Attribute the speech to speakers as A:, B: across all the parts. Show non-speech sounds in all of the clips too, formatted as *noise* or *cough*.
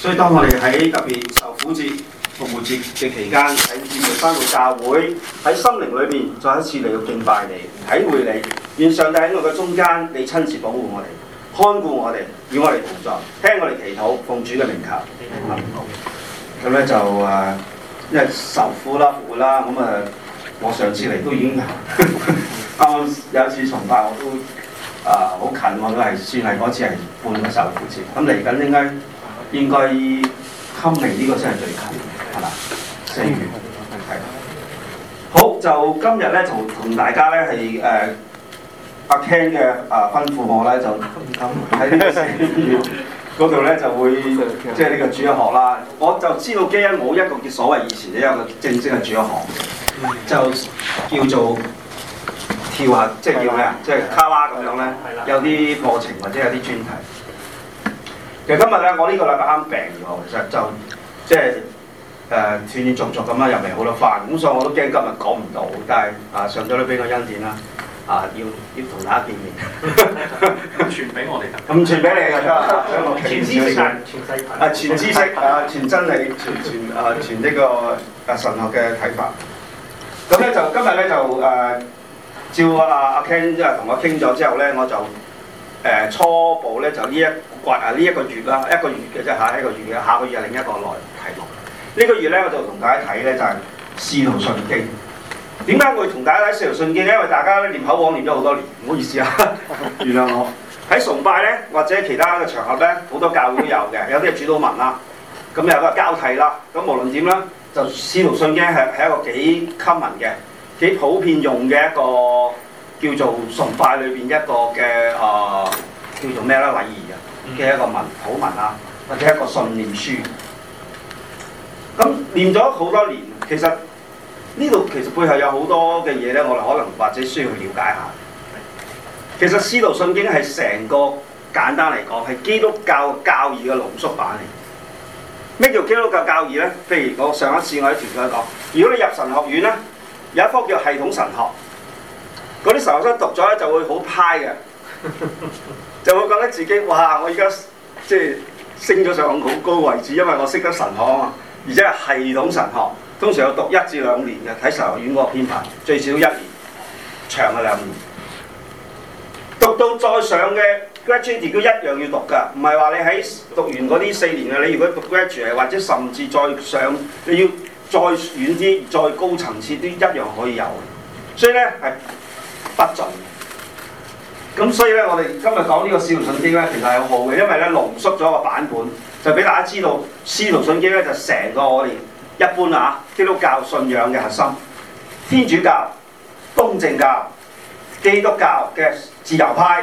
A: 所以當我哋喺特別受苦節、復活節嘅期間，喺姊妹翻到教會，喺心靈裏面再一次嚟到敬拜你，體會你，願上帝喺我嘅中間，你親自保護我哋，看顧我哋，與我哋同在，聽我哋祈禱，奉主嘅名求。咁咧就誒，因為受苦啦，復活啦，咁啊，我上次嚟都已經啱啱 *laughs* 有次崇拜、呃，我都啊好近我都係算係嗰次係半個受苦節。咁嚟緊應該～應該堪平呢個先係最近，係嘛？四月係。好，就今日咧，就同，同大家咧係誒阿 Ken 嘅啊吩咐我咧，就喺 *laughs* 呢個四月嗰度咧就會
B: 即係呢個主日學啦。
A: 我就知道，基恩冇一個叫所謂以前有一個正式嘅主日學，就叫做跳下，即係叫咩啊？即係卡拉咁樣咧，有啲課程或者有啲專題。其實今日咧，我呢個禮拜啱病完，其實就即係誒斷斷續續咁啦，又未好得返，咁所以我都驚今日講唔到。但係啊，上咗都俾我恩典啦，啊要要同大家見面， *laughs* 傳俾我哋，咁 *laughs* 傳俾你㗎都傳知識，傳啊傳知識啊，傳真理，傳傳啊傳呢個啊神學嘅睇法。咁咧就今日咧就誒、啊，照阿、啊、阿 Ken 即係同我傾咗之後咧，我就誒、啊、初步咧就呢一。掘啊！呢一個月啦，一個月嘅啫，下一個月嘅，下個月係另一個題目。呢、這個月咧，我就同大家睇咧就係、是、使徒信經。點解我會同大家睇使徒信經咧？因為大家念口往念咗好多年，唔好意思啊，原諒我喺 *laughs* 崇拜咧或者其他嘅場合咧，好多教會都有嘅，有啲係主禱文啦，咁有個交替啦。咁無論點啦，就使徒信經係係一個幾 common 嘅、幾普遍用嘅一個叫做崇拜裏邊一個嘅啊、呃、叫做咩咧禮儀啊。嘅一個文口文啊，或者一個信念書，咁念咗好多年，其實呢度其實背後有好多嘅嘢咧，我哋可能或者需要去了解下。其實《使徒信經》係成個簡單嚟講，係基督教教義嘅濃縮版嚟。咩叫基督教教義咧？譬如我上一次我喺團契講，如果你入神學院咧，有一科叫系統神學，嗰啲神學生讀咗咧就會好派嘅。 *laughs* 就會覺得自己哇！我而家即係升咗上好高位置，因為我識得神學啊，而且係系統神學。通常有讀一至兩年嘅，睇神學院嗰個編排，最少一年，長嘅兩年。讀到再上嘅 graduate 都一樣要讀㗎，唔係話你喺讀完嗰啲四年嘅，你如果讀 graduate 或者甚至再上，你要再遠啲、再高層次都一樣可以有。所以呢，係不盡。咁所以呢，我哋今日講呢個《詩路信經使徒信經》呢，其實係好嘅，因為呢濃縮咗個版本，就俾大家知道《使徒信經》呢就成、是、個我哋一般啊基督教信仰嘅核心，天主教、東正教、基督教嘅自由派，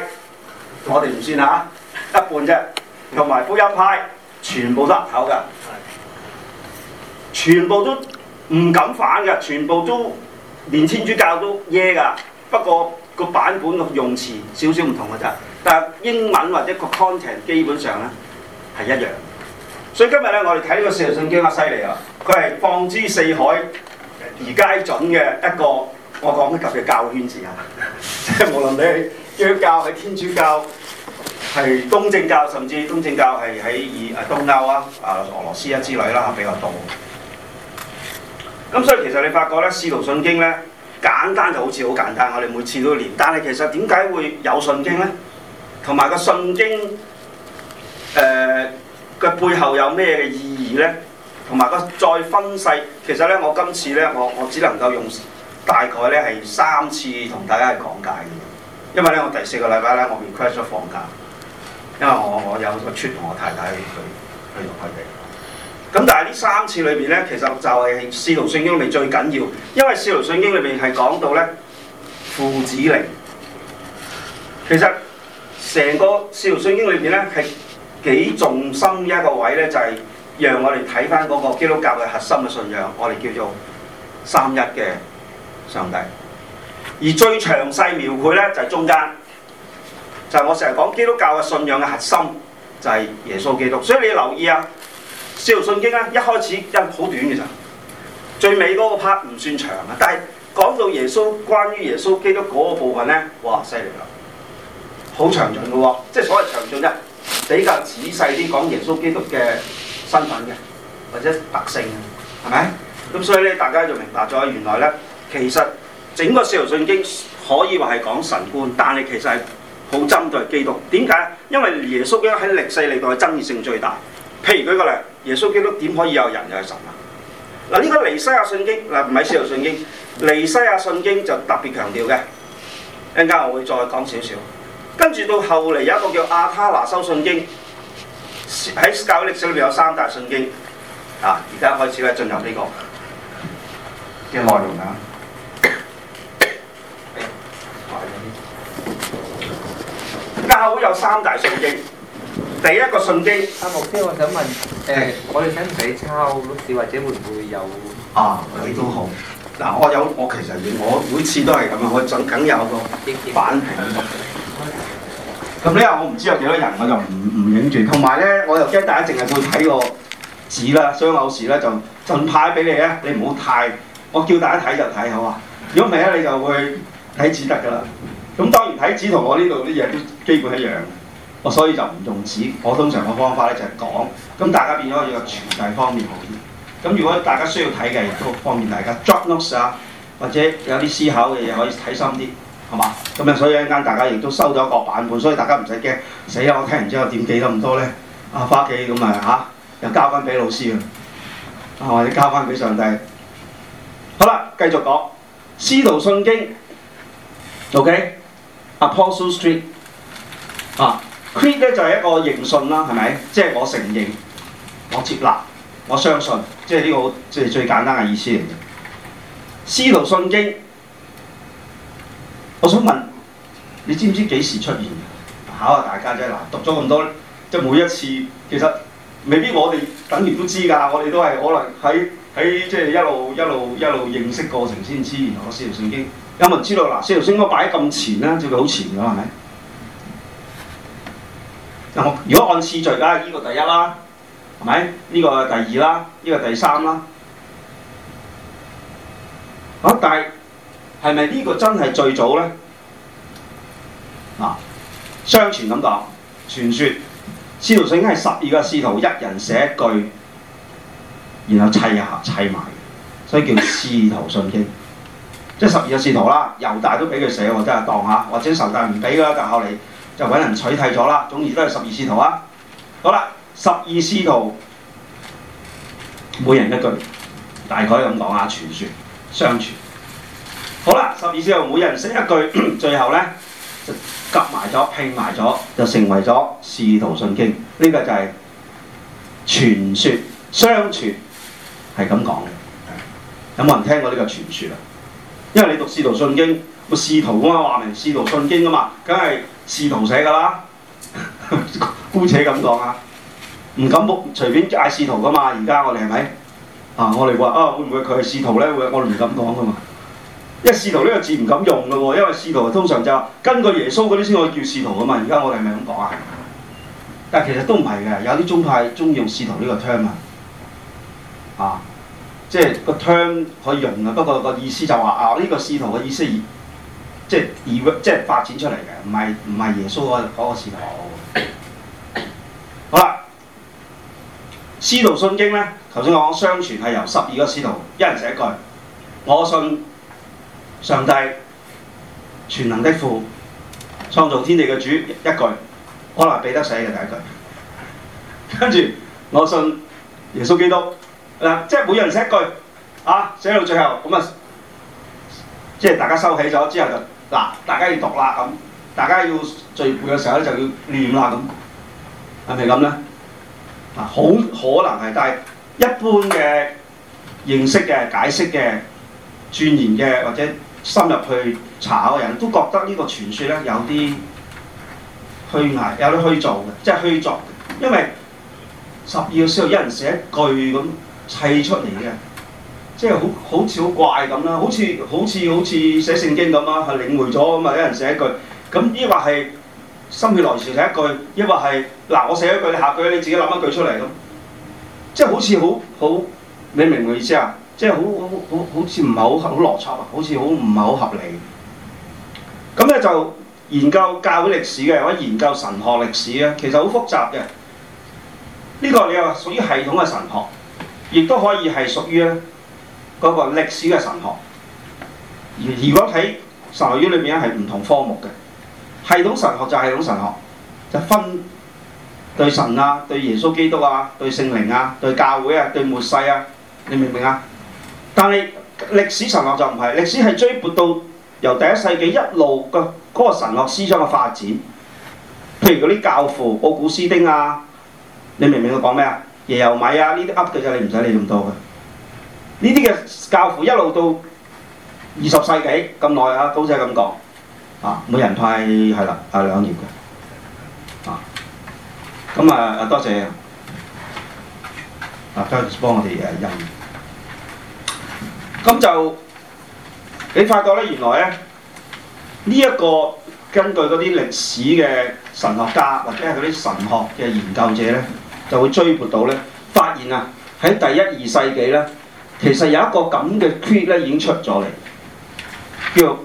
A: 我哋唔算嚇、啊，一半啫，同埋福音派全部都岌頭㗎，全部都唔敢反嘅，全部都，全部都連天主教都耶㗎，不過。個版本用詞少少唔同嘅啫，但英文或者個 content 基本上呢係一樣。所以今日呢，我哋睇、這個《使徒信經》啊，犀利啊！佢係放諸四海而皆準嘅一個我講特別教圈子啊，即 *laughs* 係無論你基督教，教、係天主教、係東正教，甚至東正教係喺以誒東歐啊、俄羅斯啊之類啦，比較多。咁所以其實你發覺呢，使徒信經》呢。簡單就好似好簡單，我哋每次都練。但係其實點解會有信經呢？同埋個信經，誒嘅背後有咩嘅意義呢？同埋個再分細，其實呢，我今次呢，我我只能夠用大概呢係三次同大家去講解嘅。因為呢，我第四個禮拜呢，我 request 咗放假，因為我我有個出同我太太去去同佢哋。咁但係呢三次裏面呢，其實就係使徒信經裏面最緊要，因為使徒信經裏面係講到呢父子靈。其實成個使徒信經裏面呢，係幾重心一個位咧，就係讓我哋睇返嗰個基督教嘅核心嘅信仰，我哋叫做三一嘅上帝。而最詳細描繪呢，就係中間，就係、是、我成日講基督教嘅信仰嘅核心，就係、是、耶穌基督。所以你要留意啊！使徒信經咧，一開始因好短嘅就，最尾嗰個 part 唔算長啊，但係講到耶穌關於耶穌基督嗰個部分咧，哇，犀利啦，好詳盡嘅喎，即係所謂詳盡一比較仔細啲講耶穌基督嘅身份嘅，或者特性嘅，係咪？咁所以咧，大家就明白咗，原來咧，其實整個使徒信經可以話係講神觀，但係其實係好針對基督。點解？因為耶穌咧，喺歷世歷代爭議性最大。譬如舉個例，耶穌基督點可以有人又係神啊？嗱，呢個尼西亞信經嗱唔係使徒信經，尼西亞信，信經就特別強調嘅。一陣間我會再講少少。跟住到後嚟有一個叫亞他拿修信經，喺教會歷史裏面有三大信經。啊，而家開始咧進入呢個嘅內容啦。教會有三大信經。
B: 第一個信經
A: 啊，目標我想問，誒，我哋想唔想抄樓市，或者
B: 會唔會有啊？佢都好嗱，我有我其實我每次都係咁啊，我仲梗有個反評
A: 咁咧。 *laughs* *laughs* 我唔知道有幾多人，我就唔唔影住。同埋呢，我又驚大家淨係會睇個紙啦，雙樓市咧就盡派俾你咧，你唔好太我叫大家睇就睇好啊。如果唔係咧，你就會睇紙得㗎啦。咁當然睇紙同我呢度啲嘢都基本一樣。我所以就唔用紙，我通常嘅方法咧就係講，咁大家變咗要個傳遞方面好啲。咁如果大家需要睇嘅，亦都方便大家 drop notes 啊，或者有啲思考嘅嘢可以睇深啲，好嘛？咁啊，所以一間大家亦都收到一個版本，所以大家唔使驚。死啊！我聽完之後點記得咁多呢？啊，翻屋企咁啊嚇，又交翻俾老師了啊，或者交翻俾上帝。好啦，繼續講《使徒信經》，OK？Apostle、okay? Street 啊。credit 咧就係一個認信啦，係咪？即、就、係、是、我承認、我接納、我相信，即係呢個即係最簡單嘅意思嚟嘅。《師徒信經》，我想問你知唔知幾時出現？考下大家啫。嗱，讀咗咁多，即係每一次，其實未必我哋等完都知㗎。我哋都係可能喺喺即係一路一路一路認識過程先知。《然師徒信經》，有冇知道？嗱，《師徒信經擺》擺咁前啦，照係好前㗎係咪？如果按次序咧，呢、這個第一啦，係咪？呢、這個第二啦，呢、這個第三啦。好、啊，但係係咪呢個真係最早呢？嗱、啊，相傳咁講，傳説使徒信經係十二個使徒一人寫一句，然後砌一下砌埋，所以叫使徒信經。即係十二個使徒啦，猶大都畀佢寫喎，真係當下，或者猶大唔畀嘅就後嚟。就俾人取替咗啦，總之都係十二使徒啊！好啦，十二使徒每人一句，大概咁講下傳説、相傳。好啦，十二使徒每人識一句，最後呢，就夾埋咗、拼埋咗，就成為咗《使徒信經》這。呢個就係傳説、相傳，係咁講嘅。有冇人聽過呢個傳説啊？因為你讀《使徒信經》。個使徒啊嘛，話明使徒信經啊嘛，梗係使徒寫噶啦。姑且咁講啊，唔敢冇隨便嗌使徒噶嘛。而家我哋係咪啊？我哋話啊，會唔會佢係使徒咧？會，我哋唔敢講噶嘛，因為使徒呢個字唔敢用噶喎，因為使徒通常就根據耶穌嗰啲先可以叫使徒噶嘛。而家我哋係咪咁講啊？但其實都唔係嘅，有啲宗派中意用使徒呢個 term 啊，即係個 term 可以用啊，不過個意思就話啊呢個使徒嘅意思即係而即係發展出嚟嘅，唔係唔係耶穌嗰嗰個時代好啦，使徒信經咧，頭先我講相傳係由十二個使徒，一人寫一句，我信上帝全能的父創造天地嘅主一,一句，可能彼得寫嘅第一句。跟住我信耶穌基督嗱，即係每人寫一句啊，寫到最後咁啊，即係大家收起咗之後就。大家要讀啦，大家要聚會嘅時候咧就要唸啦咁，係咪咁呢？啊，好 *noise* 可能係，但係一般嘅認識嘅解釋嘅鑽研嘅或者深入去查下嘅人都覺得呢個傳説咧有啲虛偽，有啲虛造嘅，即係虛作，因為十二個使徒一人寫一句咁砌出嚟嘅。即係好似好怪咁啦，好似好似好似寫聖經咁啦，係領會咗咁嘛。一人寫一句，咁抑或係心血來潮寫一句，抑或係嗱我寫一句，你下句你自己諗一句出嚟咁，即係好似好好你明唔明我意思啊？即係好好好似唔係好好邏輯啊，好似好唔係好，好，好，好合理。咁咧就研究教會歷史嘅或者研究神學歷史咧，其實好複雜嘅。呢個你又屬於系統嘅神學，亦都可以係屬於咧。嗰個歷史嘅神學，如果睇神學院裏面咧，係唔同科目嘅，系統神學就系統神學，就分對神啊、對耶穌基督啊、對聖靈啊、對教會啊、對末世啊，你明唔明啊？但係歷史神學就唔係，歷史係追撥到由第一世紀一路嘅嗰個神學思想嘅發展，譬如嗰啲教父、奧古斯丁啊，你明唔明佢講咩啊？耶柔米啊，呢啲噏嘅啫，你唔使理咁多嘅。呢啲嘅教父一路到二十世紀咁耐啊，好似咁講啊，每人派係啦，係兩頁嘅啊。咁啊，啊，多謝啊 Charles 幫我哋誒印。咁、啊、就你發覺呢？原來呢，呢、這、一個根據嗰啲歷史嘅神學家或者係嗰啲神學嘅研究者呢，就會追撥到呢發現啊喺第一二世紀呢。其實有一個咁嘅 creed 咧已經出咗嚟，叫做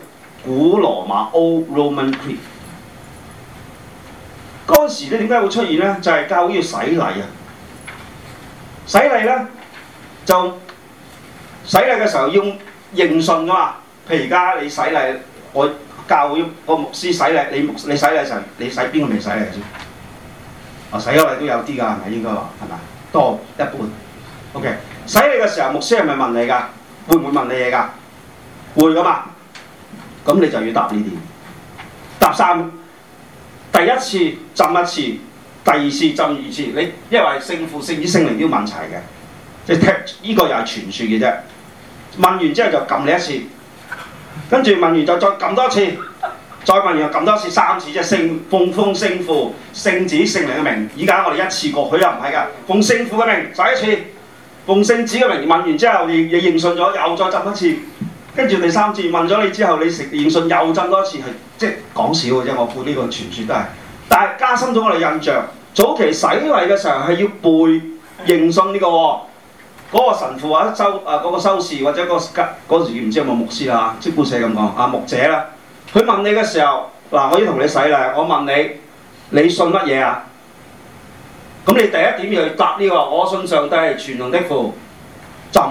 A: 古羅馬 old Roman creed。嗰陣時咧點解會出現咧？就係、是、教會要洗禮啊，洗禮咧就洗禮嘅時候要認信啊。譬如而家你洗禮，我教會個牧師洗禮，你洗禮時你洗禮候你洗邊個未洗禮先？啊，洗咗禮都有啲，噶係咪應該話係咪多一半？OK。洗你嘅時候，牧師係咪問你㗎？會唔會問你嘢㗎？會㗎嘛？咁你就要答呢啲。答三，第一次浸一次，第二次浸二次。你因為聖父、聖子、聖靈都要問齊嘅。你踢依、呢個又係傳説嘅啫。問完之後就撳你一次，跟住問完就再撳多次，再問完又撳多，次，多次，三次即係奉奉聖父、聖子、聖靈嘅名。依家我哋一次過，去又唔係㗎，奉聖父嘅名洗一次。奉聖子嘅名言問完之後，認認認信咗，又再浸一次，跟住第三次問咗你之後，你食認信又浸多次，係即係講笑嘅啫。我估呢個傳説都係，但係加深咗我哋印象。早期洗禮嘅時候係要背認信呢個、哦，嗰、嗰個神父或者啊、收啊嗰個修士或者、嗰個嗰時唔知有冇牧師啊，即係姑且咁講啊牧者啦，佢、啊、問你嘅時候，嗱、啊、我要同你洗禮啦，我問你，你信乜嘢啊？咁你第一點要答呢、這個，我信上帝，全能的父，朕，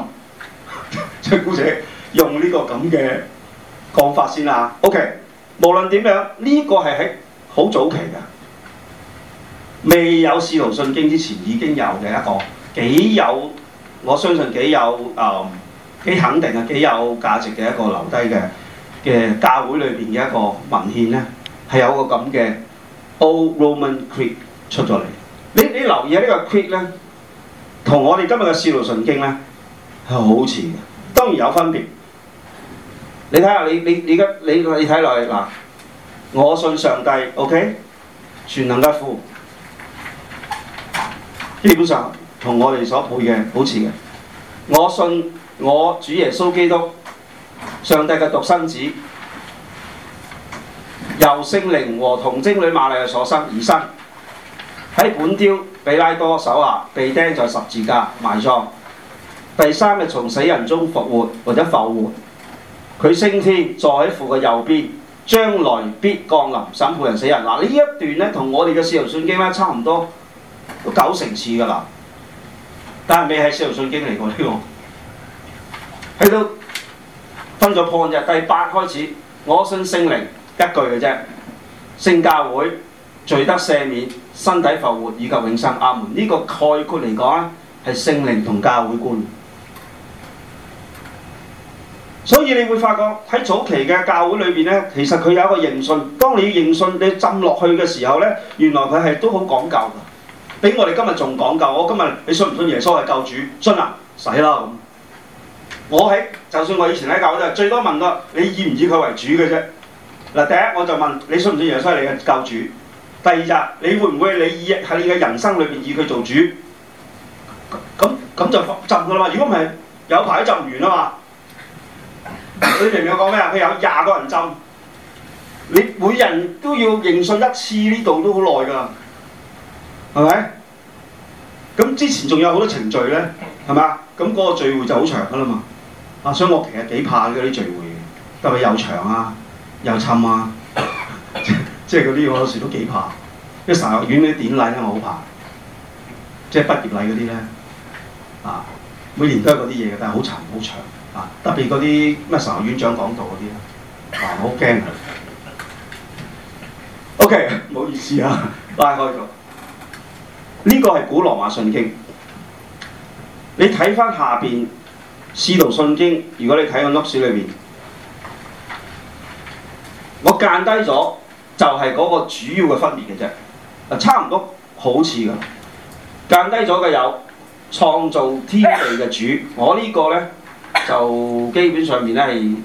A: 即古姑用呢個咁嘅講法先啦。O.K. 無論點樣，呢、這個係喺好早期嘅，未有《使徒信經》之前已經有嘅一個幾有我相信幾有誒、嗯、幾肯定嘅幾有價值嘅一個留低嘅教會裏面嘅一個文獻呢，係有個咁嘅 Old Roman Creed 出咗嚟。你你留意下這個呢個 quick 咧，同我哋今日嘅使徒信經呢，係好似嘅，當然有分別。你睇下你你你而家你你睇來嗱，我信上帝，OK，全能嘅父，基本上同我哋所背嘅好似嘅。我信我主耶穌基督，上帝嘅獨生子，由聖靈和童貞女瑪麗所生而生。喺本雕比拉多手下被釘在十字架、埋葬，第三日從死人中復活，或者復活，佢升天坐喺父嘅右邊，將來必降臨審判人死人。嗱，呢一段咧同我哋嘅使徒信經咧差唔多，都九成似㗎喇，但係未係使徒信經嚟嘅呢個。去到分咗判日，第八開始，我信聖靈一句嘅啫，聖教會罪得赦免，身體復活以及永生，阿門！呢、這個概括嚟講咧，係聖靈同教會觀。所以你會發覺喺早期嘅教會裏面咧，其實佢有一個認信。當你認信，你浸落去嘅時候呢，原來佢係都好講究嘅。比我哋今日仲講究。我今日你信唔信耶穌係救主？信啦，使啦。我喺，就算我以前喺教會就最多問個你以唔以佢為主嘅啫。嗱，第一我就問你信唔信耶穌係你嘅教主？第二日，你會唔會你以喺你嘅人生裏邊以佢做主？咁咁就浸噶啦嘛！如果唔係有排都浸唔完啊嘛！你明唔明我講咩啊？佢有廿個人浸，你每人都要認信一次，呢度都好耐㗎，係咪？咁之前仲有好多程序咧，係咪啊？咁嗰個聚會就好長㗎啦嘛，啊！所以我其實幾怕嗰啲聚會，特別又長啊，又沉啊。 *laughs* 即係嗰啲我有時都幾怕，即係神學院啲典禮咧我好怕，即係畢業禮嗰啲咧，啊，每年都係嗰啲嘢嘅，但係好長好長啊，特別嗰啲咩神學院長講到嗰啲咧，啊，我好驚佢。OK，唔好意思啊，拉開咗。呢、這個係古羅馬信經，你睇翻下邊使徒信經，如果你睇緊粒書裏邊，我間低咗。就係嗰個主要嘅分別嘅啫，啊，差唔多好似嘅，降低咗嘅有創造天地嘅主，我個呢個咧就基本上面咧係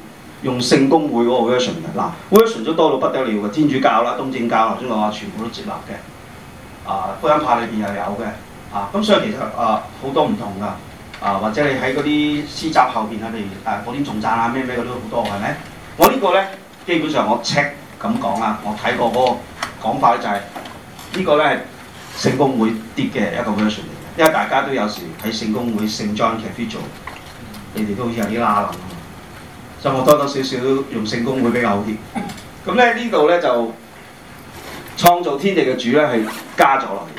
A: 用聖公會嗰個 version 嘅嗱、啊、，version 都多到不得了嘅，天主教啦、東正教啊、中國啊，全部都接納嘅，啊福音派裏邊又有嘅，啊咁所以其實啊好多唔同噶，啊、啊或者你喺嗰啲詩集後邊啊，譬如誒嗰啲頌讚啊咩咩嗰都好多係咪？我個呢個咧基本上我 check。咁講啊，我睇過嗰個講法咧、就係，就係呢個咧聖公會跌嘅一個 version 嚟嘅，因為大家都有時喺聖公會聖 John Cathedral 度做，你哋都好似有啲拉冷啊，所以我多多少少用聖公會比較好啲。咁咧、嗯、呢度咧就創造天地嘅主咧係加咗落嚟。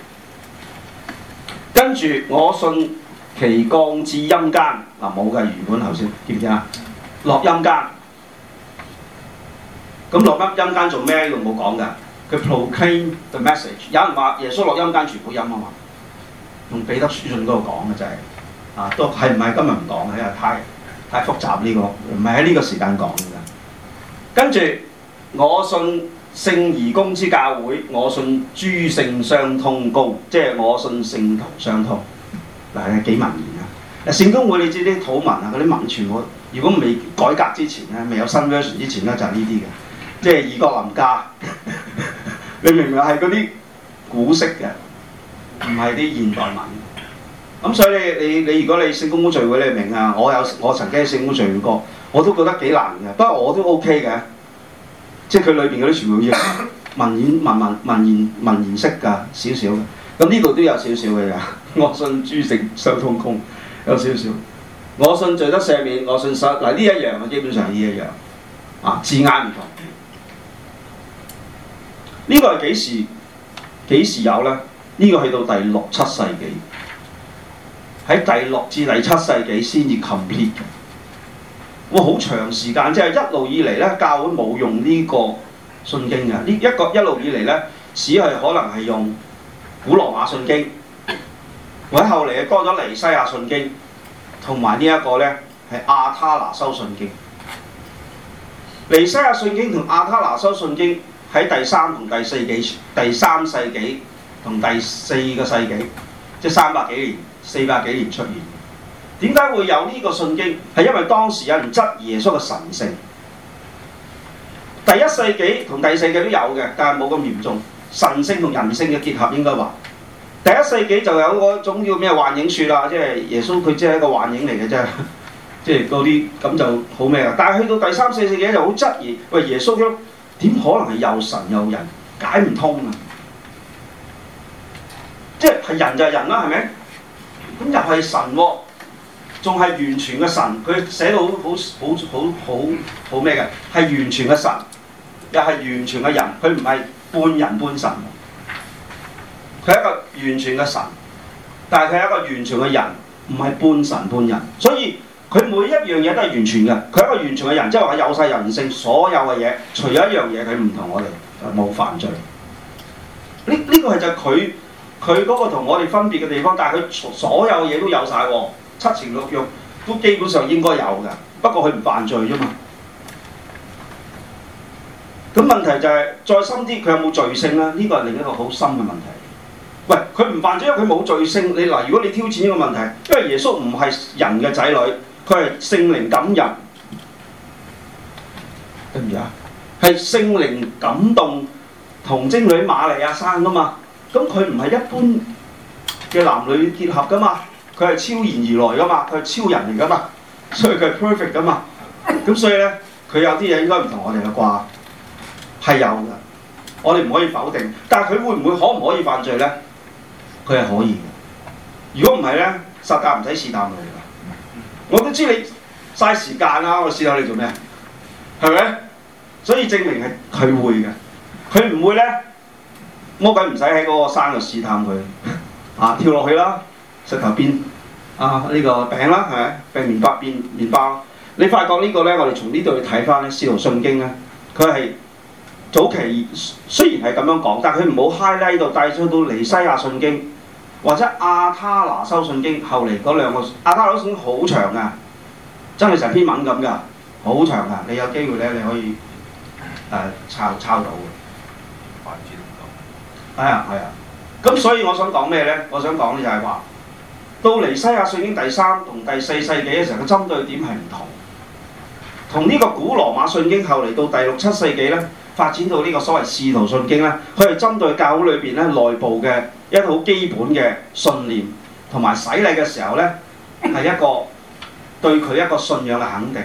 A: 跟住我信其降至陰間嗱，冇嘅原本頭先知唔知啊，見見落陰間。咁落陰陰間做咩？呢度冇講㗎。佢 proclaim the message。有人話耶穌落陰間傳福音啊嘛，用彼得書信嗰度講㗎啫。啊，都係唔係今日唔講嘅，因、啊、為太太複雜呢、呢個，唔係喺呢個時間講嘅。跟住我信聖而公之教會，我信諸聖相通高，即係我信聖徒相通嗱、啊，幾文言啊？聖公會你知啲土文啊，嗰啲文傳我如果未改革之前咧，未有新 version 之前咧，就係呢啲嘅。即係異國林家， *laughs* 你明唔明係嗰啲古式嘅，唔係啲現代文。咁所以你你你，你如果你聖公會聚會，你明啊？我有我曾經聖公會聚會過，我都覺得幾難嘅。不過我都 OK 嘅，即係佢裏邊嗰啲全部要文言文文文言文言式㗎，少少。咁呢度都有少少嘅呀。我信諸聖相通功，有少少。 *laughs* 我信罪得赦免，我信十嗱呢一樣，我基本上呢一樣啊字眼唔同。呢個係幾時？幾時有咧？呢、這個係到第六七世紀，喺第六至第七世紀先至攤闢。哇！好長時間，即、就、係、是、一路以嚟咧，教會冇用呢個信經嘅。呢、這、一個一路以嚟咧，只係可能係用古羅馬信經。或者後嚟啊，多咗尼西亞信經，同埋呢一個咧係亞他拿修信經。尼西亞信經同亞他拿修信經。喺第三同第四世紀，第三世紀同第四個世紀，即係三百幾年、四百幾年出現。點解會有呢個信經？係因為當時有人質疑耶穌嘅神性。第一世紀同第四世紀都有嘅，但係冇咁嚴重。神性同人性嘅結合應該話，第一世紀就有嗰種叫咩幻影説啦，即係耶穌佢只係一個幻影嚟嘅啫，即係嗰啲咁就好咩啦。但係去到第三、四世紀就好質疑，喂，耶穌點可能係又神又人，解唔通，是是是是啊！即係人就係人啦，係咪？咁又係神喎，仲係完全嘅神。佢寫到好好好好好好好咩嘅，係完全嘅神，又係完全嘅人。佢唔係半人半神，佢係一個完全嘅神，但係佢係一個完全嘅人，唔係半神半人。所以佢每一樣嘢都係完全嘅，佢係一個完全嘅人，即係話有曬人性所有嘅嘢，除咗一樣嘢佢唔同我哋冇犯罪。呢呢個係就係佢佢嗰個同我哋分別嘅地方，但係佢所有嘢都有曬，七情六欲，都基本上應該有嘅。不過佢唔犯罪啫嘛。咁問題就係再深啲，佢有冇罪性咧？呢個係另一個好深嘅問題。喂，佢唔犯罪，因為佢冇罪性。你嗱，如果你挑戰呢個問題，因為耶穌唔係人嘅仔女。佢係聖靈感人，得唔得？係聖靈感動童貞女瑪利亞生噶嘛？咁佢唔係一般嘅男女結合噶嘛？佢係超然而來噶嘛？佢係超人嚟噶嘛？所以佢係 perfect 噶嘛？咁所以咧，佢有啲嘢應該唔同我哋嘅啩，係有嘅。我哋唔可以否定。但係佢會唔會可唔可以犯罪咧？佢係可以嘅。如果唔係咧，撒旦唔使試探嘅。我都知你嘥時間啦，我試下你做咩，係咪？所以證明係佢會嘅，佢唔會咧，魔鬼唔使喺嗰個山度試探佢，啊跳落去啦，石頭邊啊呢、這個餅啦，係咪？俾面，麵、包變麵包，你發覺個呢個咧，我哋從呢度去睇翻咧，使徒信經咧，佢係早期雖然係咁樣講，但係佢唔好 highlight 帶出到尼西亞信經。或者亞他拿修信經，後嚟嗰兩個亞他拿修信經好長嘅，真係成篇文咁嘅，好長嘅。你有機會呢，你可以誒抄抄到嘅。係啊，係啊，咁、 *noise* 哎哎、所以我想講咩呢？我想講呢就係話，到尼西亞信經第三同第四世紀嘅時候，個針對點係唔同，同呢個古羅馬信經後嚟到第六七世紀呢，發展到呢個所謂仕途信經呢，佢係針對教會裏面呢內部嘅。一套基本嘅信念，同埋洗禮嘅時候呢，係一個對佢一個信仰嘅肯定。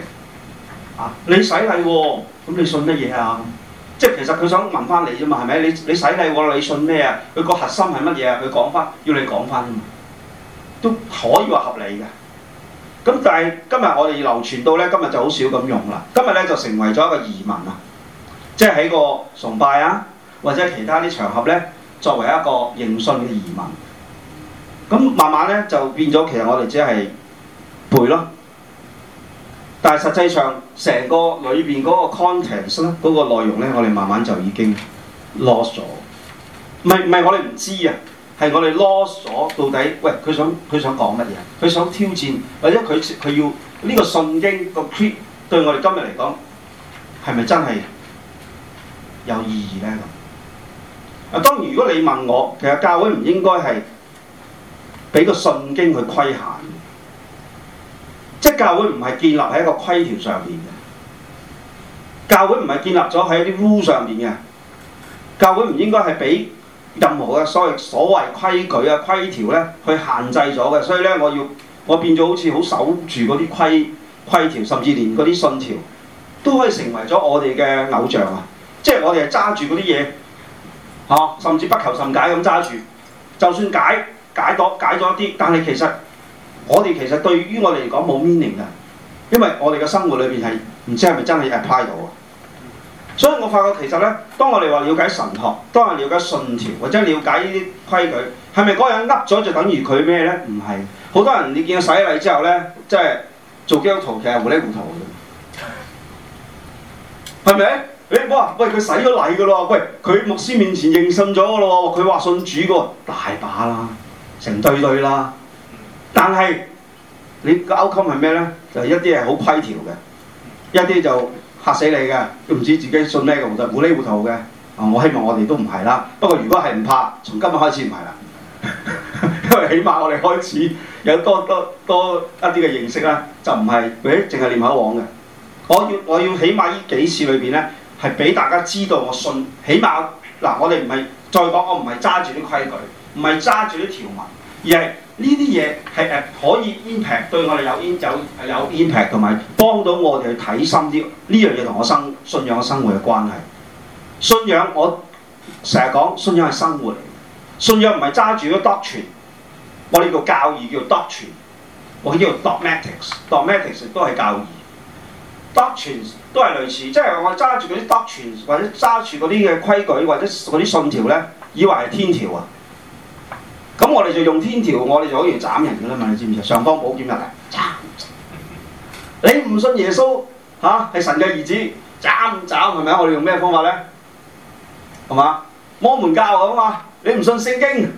A: 啊，你洗禮喎、哦，咁你信乜嘢啊？即其實佢想問翻你啫嘛，係咪？你洗禮喎、哦，你信咩啊？佢個核心係乜嘢啊？佢講翻，要你講翻啫嘛，都可以話合理嘅。咁但係今日我哋流傳到咧，今日就好少咁用啦。今日咧就成為咗一個疑問啊，即係喺個崇拜啊，或者其他啲場合呢。作為一個認信嘅移民，咁慢慢咧就變咗，其實我哋只係背咯。但係實際上，成個裏邊嗰個 content，嗰個內容咧，我哋慢慢就已經囉嗦。唔係唔係，我哋唔知啊，係我哋囉嗦到底。喂，佢想佢想講乜嘢？佢想挑戰，或者佢佢要呢、呢個信經、呢個 creed 對我哋今日嚟講係咪真係有意義咧？咁。啊，當如果你問我，其實教會唔應該係俾個信經去規限，即係教會唔係建立喺一個規條上面嘅，教會唔係建立咗喺一啲污上面嘅，教會唔應該係俾任何嘅所謂所謂規矩啊規條呢去限制咗嘅，所以呢，我要我變咗好似好守住嗰啲規規條，甚至連嗰啲信條都可以成為咗我哋嘅偶像啊！即係我哋係揸住嗰啲嘢，嚇，甚至不求甚解咁揸住，就算解解咗解咗一啲，但係其實我哋其實對於我哋嚟講冇 meaning 嘅，因為我哋嘅生活裏邊係唔知係咪真係 apply 到啊。所以我發覺其實咧，當我哋話了解神學，當我哋了解信條，或者了解呢啲規矩，係咪嗰個人噏咗就等於佢咩咧？唔係，好多人你見佢洗禮之後咧，即係做基督徒其實糊裏糊塗嘅。係咪？你唔好話，喂，佢洗咗禮嘅咯，喂，佢牧師面前認信咗嘅咯，佢話信主嘅大把啦，成堆堆啦。但係你嘅 outcome 係咩咧？就一啲係好規條嘅，一啲就嚇死你嘅，都唔知自己信咩嘅，糊裏糊塗嘅。啊，我希望我哋都唔係啦。不過如果係唔怕，從今日開始唔係啦， *laughs* 因為起碼我哋開始有多多多一啲嘅認識啦，就唔係，誒淨係唸口簧嘅。我要我要起碼呢幾次裏邊咧。係俾大家知道，我信，起碼嗱，我哋唔係再講，我唔係揸住啲規矩，唔係揸住啲條文，而係呢啲嘢係誒可以 impact 對我哋有 impact，有有 impact 同埋幫到我哋去睇深啲呢樣嘢同我生信仰嘅生活嘅關係。信仰我成日講，信仰係生活嚟嘅，信仰唔係揸住個 doctrine，我哋叫教義叫 doctrine，我叫 dogmatics，dogmatics 都係教義。Doctrine 都係類似，即係我揸住嗰啲 Doctrine，或者揸住嗰啲嘅規矩，或者嗰啲信條呢，以為係天條啊！咁我哋就用天條，我哋就可以斬人噶啦嘛！你知唔知啊？上方寶劍入嚟，斬！你唔信耶穌嚇，係、啊、神嘅兒子，斬斬係咪？我哋用咩方法呢？係嘛？摩門教咁啊！你唔信聖經，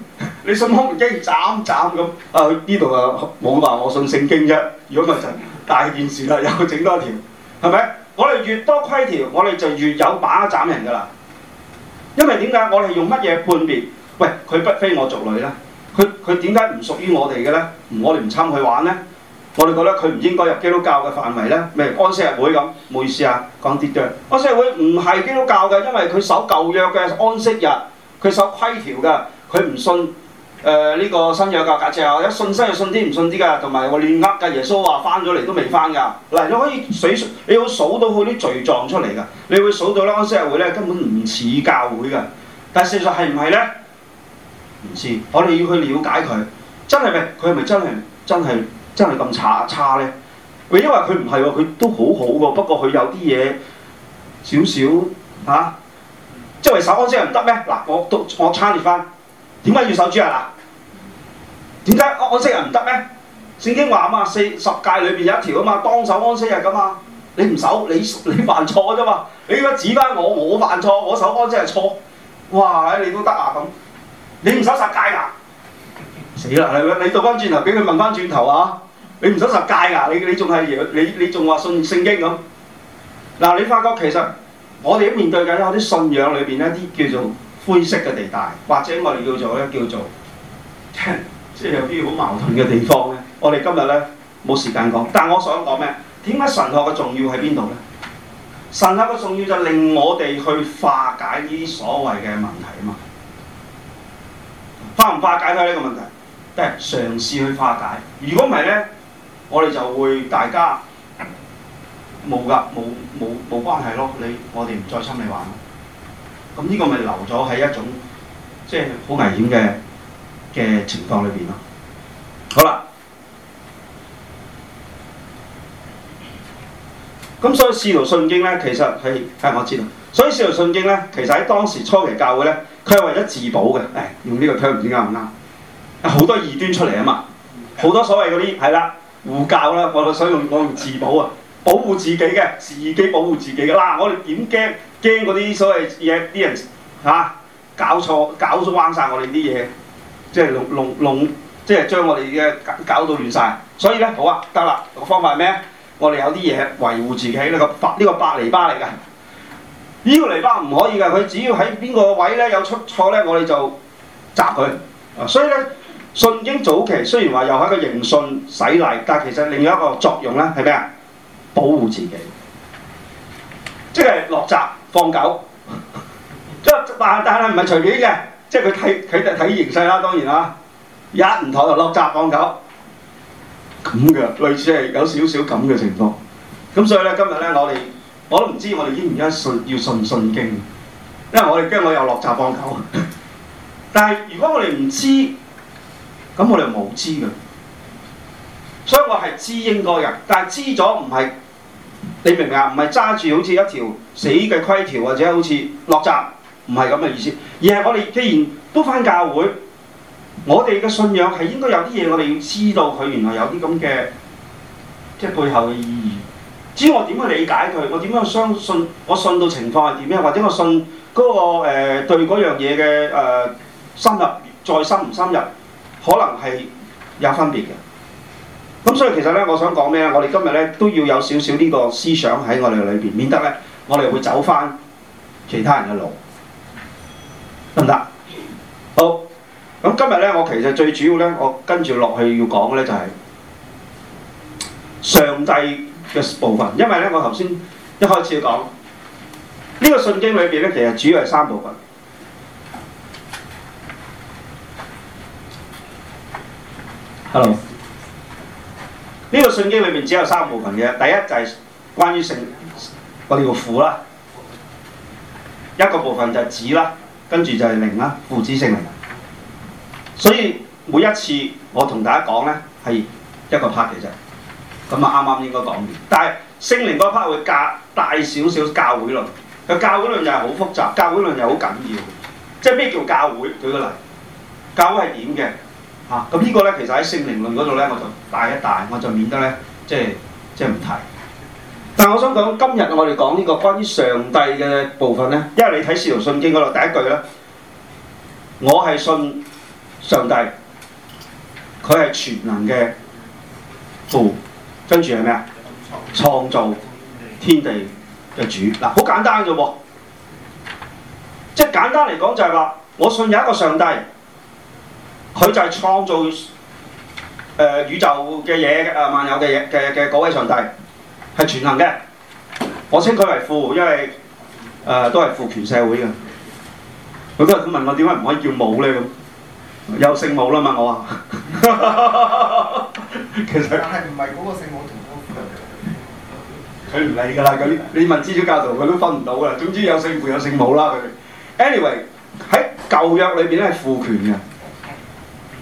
A: 你信摩門經，斬斬咁啊！呢度啊冇話我信聖經啫，如果咪就大件事啦，又整多一條。係咪？我哋越多規條，我哋就越有把握斬人噶啦。因為點解？我哋用乜嘢判別？喂，佢不非我族類呢？佢佢點解唔屬於我哋嘅咧？我哋唔參佢玩呢？我哋覺得佢唔應該入基督教嘅範圍咧。咩安息日會咁？唔好意思啊，講跌咗。安息日會唔係基督教嘅，因為佢守舊約嘅安息日，佢守規條嘅，佢唔信。誒呢、呃這個新約教價值啊，姐姐一信西就信啲唔信啲噶，同埋我亂呃噶。耶穌話返咗嚟都未返噶。嗱，你可以水，你要數到佢啲罪狀出嚟噶，你會數到咧安息日會咧根本唔似教會噶。但事實係唔係咧？唔知，我哋要去了解佢，真係咩？佢係咪真係真係真係咁差差咧？佢因為佢唔係喎，佢都好好喎。不過佢有啲嘢少少嚇、啊，即係守安息日唔得咩？嗱，我都我叉你翻，點解要守主日嗱？點解安息日唔得呢？聖經話啊嘛，四十誡裏面有一條啊嘛，當守安息日咁嘛。你唔守，你你犯錯啫嘛。你應該指翻我，我犯錯，我守安息日錯。哇！你都得啊咁。你唔守十誡㗎？死啦！你倒翻轉頭，畀佢問翻轉頭啊！你唔守十誡㗎？你你仲係你你仲話信聖經咁？嗱、啊，你發覺其實我哋面對緊有啲信仰裏邊一啲叫做灰色嘅地帶，或者我哋叫做咧叫做。叫做 *laughs* 即係有啲好矛盾嘅地方咧，我哋今日咧冇時間講，但我想講咩？點解神學嘅重要喺邊度咧？神學嘅重要就令我哋去化解呢啲所謂嘅問題啊嘛，化唔化解都係呢個問題，即係嘗試去化解。如果唔係咧，我哋就會大家冇㗎，冇冇冇關係咯。你我哋唔再侵你玩咯。咁呢個咪留咗係一種即係好危險嘅嘅情況裏邊咯，好啦，咁所以使徒信經咧，其實係誒、哎、我知道，所以使徒信經咧，其實喺當時初期教會咧，佢係為咗自保嘅，誒、哎、用呢個聽唔知啱唔啱？好多異端出嚟啊嘛，好多所謂嗰啲係啦，護教啦，我我想用我用自保啊，保護自己嘅，自己保護自己嘅嗱，我哋點驚驚嗰啲所謂嘢啲人嚇、啊、搞錯搞咗彎曬我哋啲嘢。即係弄弄弄，即係將我哋嘅搞，搞到亂晒，啊這個這個，所以呢，好啊，得啦。個方法係咩？我哋有啲嘢維護自己咧。個百呢個百籬笆嚟㗎，呢個籬笆唔可以㗎。佢只要喺邊個位呢有出錯呢，我哋就砸佢。所以呢，信經早期雖然話又係一個迎信洗禮，但其實另外一個作用呢係咩啊？保護自己，即係落閘放狗。即但係唔係隨便嘅。即係佢睇睇形勢啦，當然啦，一唔妥就落閘放狗。咁嘅，類似係有少少咁嘅情況。咁所以咧，今日咧，我哋我都唔知我，我哋應唔應信要信唔信經？因為我哋驚我又落閘放狗。但係如果我哋唔知，咁我哋就冇知嘅。所以我係知應該嘅，但係知咗唔係你明唔明啊？唔係揸住好似一條死嘅規條，或者好似落閘。唔係咁嘅意思，而係我哋既然都翻教會，我哋嘅信仰係應該有啲嘢，我哋要知道佢原來有啲咁嘅，即係背後嘅意義。至於我點樣理解佢，我點樣相信，我信到情況係點樣，或者我信嗰、嗰個誒、呃、對嗰樣嘢嘅誒深入再深唔深入，可能係有分別嘅。咁所以其實咧，我想講咩咧？我哋今日咧都要有少少呢個思想喺我哋裏邊，免得咧我哋會走翻其他人嘅路。得唔得？好，咁今日咧，我其實最主要咧，我跟住落去要講嘅咧就係上帝嘅部分，因為咧，我頭先一開始講呢個信經裏邊咧，其實主要係三部分。Hello，呢個信經裏面只有三部分嘅，第一就係關於聖，我哋叫父啦，一個部分就係子啦。跟住就係靈啦，父子聖靈。所以每一次我同大家講咧，係一個 part 嚟嘅。咁啊，啱啱應該講完。但係聖靈嗰 part 會加大少少教會論。個教會論又係好複雜，教會論又好緊要。即係咩叫教會？舉個例，教會係點嘅？嚇、啊、咁、這個、呢個咧，其實喺聖靈論嗰度咧，我就帶一帶，我就免得咧，即係即係唔提。但我想講，今日我哋講呢個關於上帝嘅部分咧，因為你睇《使徒信經》嗰度第一句咧，我係信上帝，佢係全能嘅父，跟住係咩啊？創造天地嘅主嗱，好簡單咋喎，即係簡單嚟講就係話，我信有一個上帝，佢就係創造誒、呃、宇宙嘅嘢嘅啊萬有嘅嘢嘅嘅嗰位上帝。係全能嘅，我稱佢為父，因為、呃、都係父權社會嘅。佢今日咁問我點解唔可以叫母呢？有聖母啦嘛，我話， *laughs* 其實但係唔係嗰個聖母同
B: 嗰個，
A: 佢唔理㗎啦。你問基督教徒佢都分唔到㗎啦。總之有聖父有聖母啦佢。Anyway 喺舊約裏邊係父權嘅，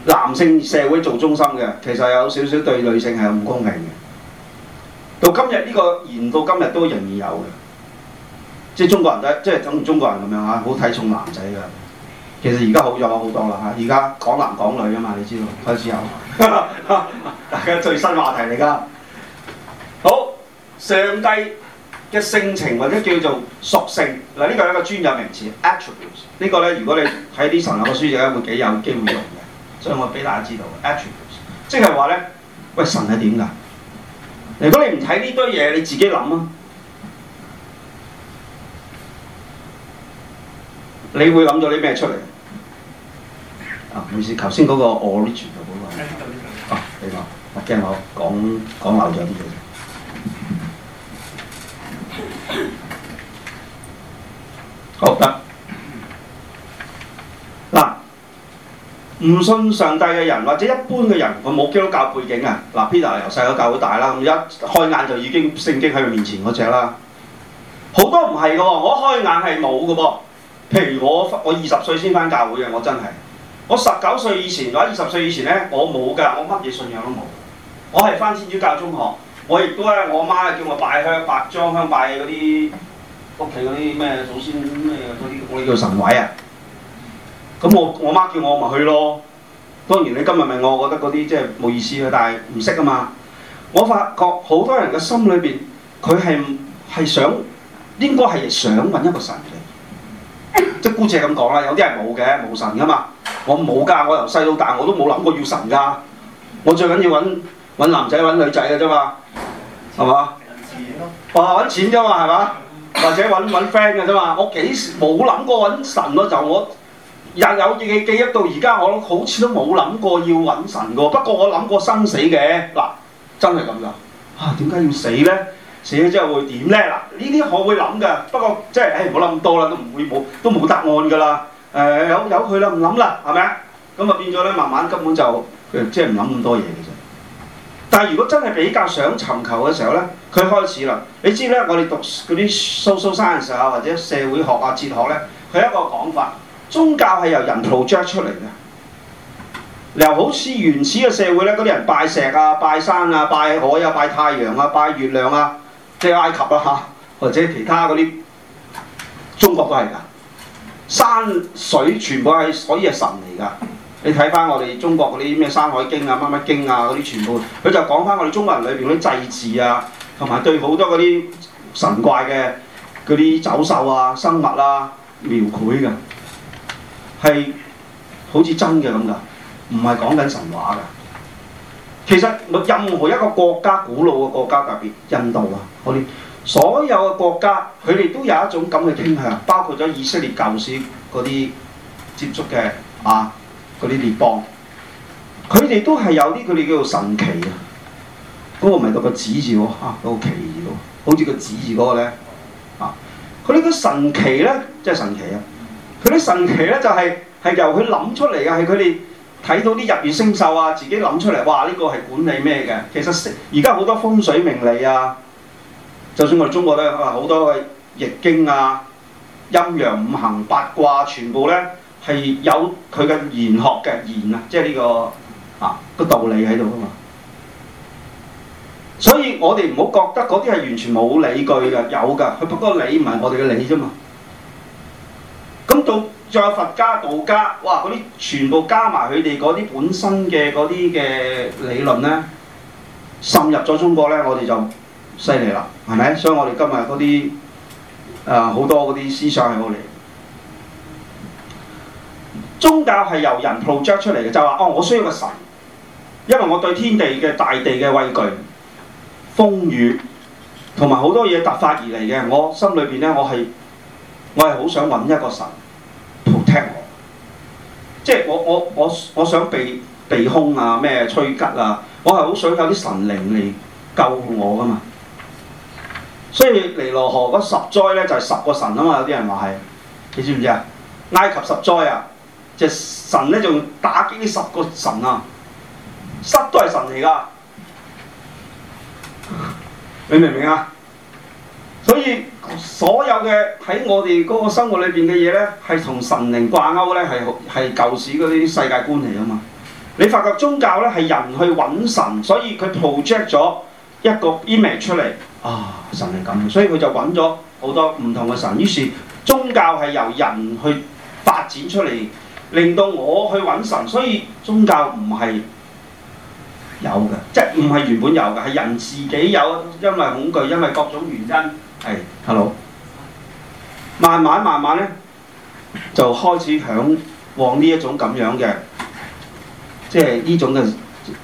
A: 男性社會做中心嘅，其實有少少對女性係唔公平嘅。到今日呢個言到今日都仍然有嘅，即係中國人都，即係等中國人咁樣嚇，好睇重男仔嘅。其實而家好咗好多啦嚇，而家講男講女啊嘛，你知道開始有， *laughs* 大家最新話題嚟㗎。好，上帝嘅性情或者叫做屬性嗱，呢個係一個專有名詞，attributes。attributes，個呢個咧，如果你睇啲神學書籍咧，會幾有機會用嘅。所以我俾大家知道，attributes，即係話咧，喂，神係點㗎？如果你唔睇呢堆嘢，你自己諗啊！你會諗到啲咩出嚟？啊，唔好意思，頭先嗰個 Orange 嘅
B: 保安你講，
A: 我驚我講講漏咗啲嘢。好啦，嗱。唔信上帝嘅人或者一般嘅人，佢冇基督教背景啊！嗱，Peter 由細喺教到大啦，一開眼就已經聖經喺佢面前嗰隻啦。好多唔係嘅，我開眼係冇嘅噃。譬如我我二十歲先翻教會啊，我真係我十九歲以前或者二十歲以前咧，我冇㗎，我乜嘢信仰都冇。我係翻天主教中學，我亦都咧，我媽叫我拜香、拜張香、拜嗰啲屋企嗰啲咩祖先咩嗰啲，叫神位啊。咁我我媽叫我咪去咯。當然你今日問我，覺得嗰啲即係冇意思嘅，但係唔識啊嘛。我發覺好多人嘅心裏邊，佢係係想應該係想揾一個神嘅。即係姑且咁講啦。有啲係冇嘅，冇神噶嘛。我冇噶，我由細到大我都冇諗過要神噶。我最緊要揾揾男仔揾女仔嘅啫嘛，係嘛？我揾、啊、錢啫嘛，係嘛？嗯、或者揾揾 friend 嘅啫嘛。我幾時冇諗過揾神咯、啊，就我。日有記記憶到而家，我好似都冇諗過要揾神嘅。不過我諗過生死嘅嗱，真係咁噶。嚇，點解要死咧？死咗之後會點咧？嗱，呢啲我會諗嘅。不過即係唉，唔好諗咁多啦，都唔會冇都冇答案㗎啦。誒、呃，由由佢啦，唔諗啦，係咪？咁啊變咗咧，慢慢根本就即係唔諗咁多嘢嘅啫。但係如果真係比較想尋求嘅時候咧，佢開始啦。你知咧，我哋讀嗰啲 social science 啊，或者社會學啊、哲學咧，佢有一個講法。宗教係由人 project 出嚟嘅。又好似原始嘅社會呢，嗰啲人拜石啊、拜山啊、拜海啊、拜太陽啊、拜月亮啊，即係埃及啊，嚇，或者其他嗰啲中國都係噶，山水全部係可以係神嚟噶。你睇翻我哋中國嗰啲咩《山海經》啊、什麼什麼啊《乜乜經》啊嗰啲，全部佢就講翻我哋中國人裏邊嗰啲祭祀啊，同埋對好多嗰啲神怪嘅嗰啲走獸啊、生物啊描繪嘅。係好似真嘅咁㗎，唔係講緊神話㗎。其實任何一個國家古老嘅國,國家，特別印度啊嗰啲，所有嘅國家佢哋都有一種咁嘅傾向，包括咗以色列舊時嗰啲接觸嘅啊嗰啲列邦，佢哋都係有啲佢哋叫做神奇啊。嗰、嗰個唔係讀個指示喎，啊都奇喎，好似個指示嗰個呢。啊。佢呢啲神奇呢，真係神奇啊！佢啲神奇咧就係、是、係由佢諗出嚟嘅，係佢哋睇到啲日月星宿啊，自己諗出嚟。哇！呢、這個係管理咩嘅？其實而家好多風水命理啊，就算我哋中國咧，啊好多嘅易經啊、陰陽五行、八卦，全部咧係有佢嘅玄學嘅玄、就是這個、啊，即係呢個啊個道理喺度啊嘛。所以我哋唔好覺得嗰啲係完全冇理據嘅，有噶。佢不過理唔係我哋嘅理啫嘛。咁到再有佛家、道家，哇！嗰啲全部加埋佢哋嗰啲本身嘅嗰啲嘅理論咧，滲入咗中國咧，我哋就犀利啦，係咪？所以我哋今日嗰啲啊好多嗰啲思想喺度嚟。宗教係由人 project 出嚟嘅，就話、是、哦，我需要個神，因為我對天地嘅大地嘅畏懼風雨同埋好多嘢突發而嚟嘅，我心裏邊咧，我係我係好想揾一個神。即係我我我我想避避凶啊咩吹吉啊，我係好想有啲神靈嚟救我噶嘛。所以尼羅河嗰十災呢，就係十個神啊嘛，有啲人話係，你知唔知啊？埃及十災啊，隻神呢，仲打擊呢十個神啊，塞都係神嚟噶，你明唔明啊？所以所有嘅喺我哋嗰個生活裏邊嘅嘢咧，係同神靈掛鈎咧，係係舊時嗰啲世界觀嚟啊嘛。你發覺宗教咧係人去揾神，所以佢 project 咗一個 image 出嚟啊，神係咁，所以佢就揾咗好多唔同嘅神。於是宗教係由人去發展出嚟，令到我去揾神。所以宗教唔係有嘅，即係唔係原本有嘅，係人自己有，因為恐懼，因為各種原因。係，hey，hello。慢慢，慢慢慢慢咧，就開始嚮往呢一種咁樣嘅，即係呢種嘅，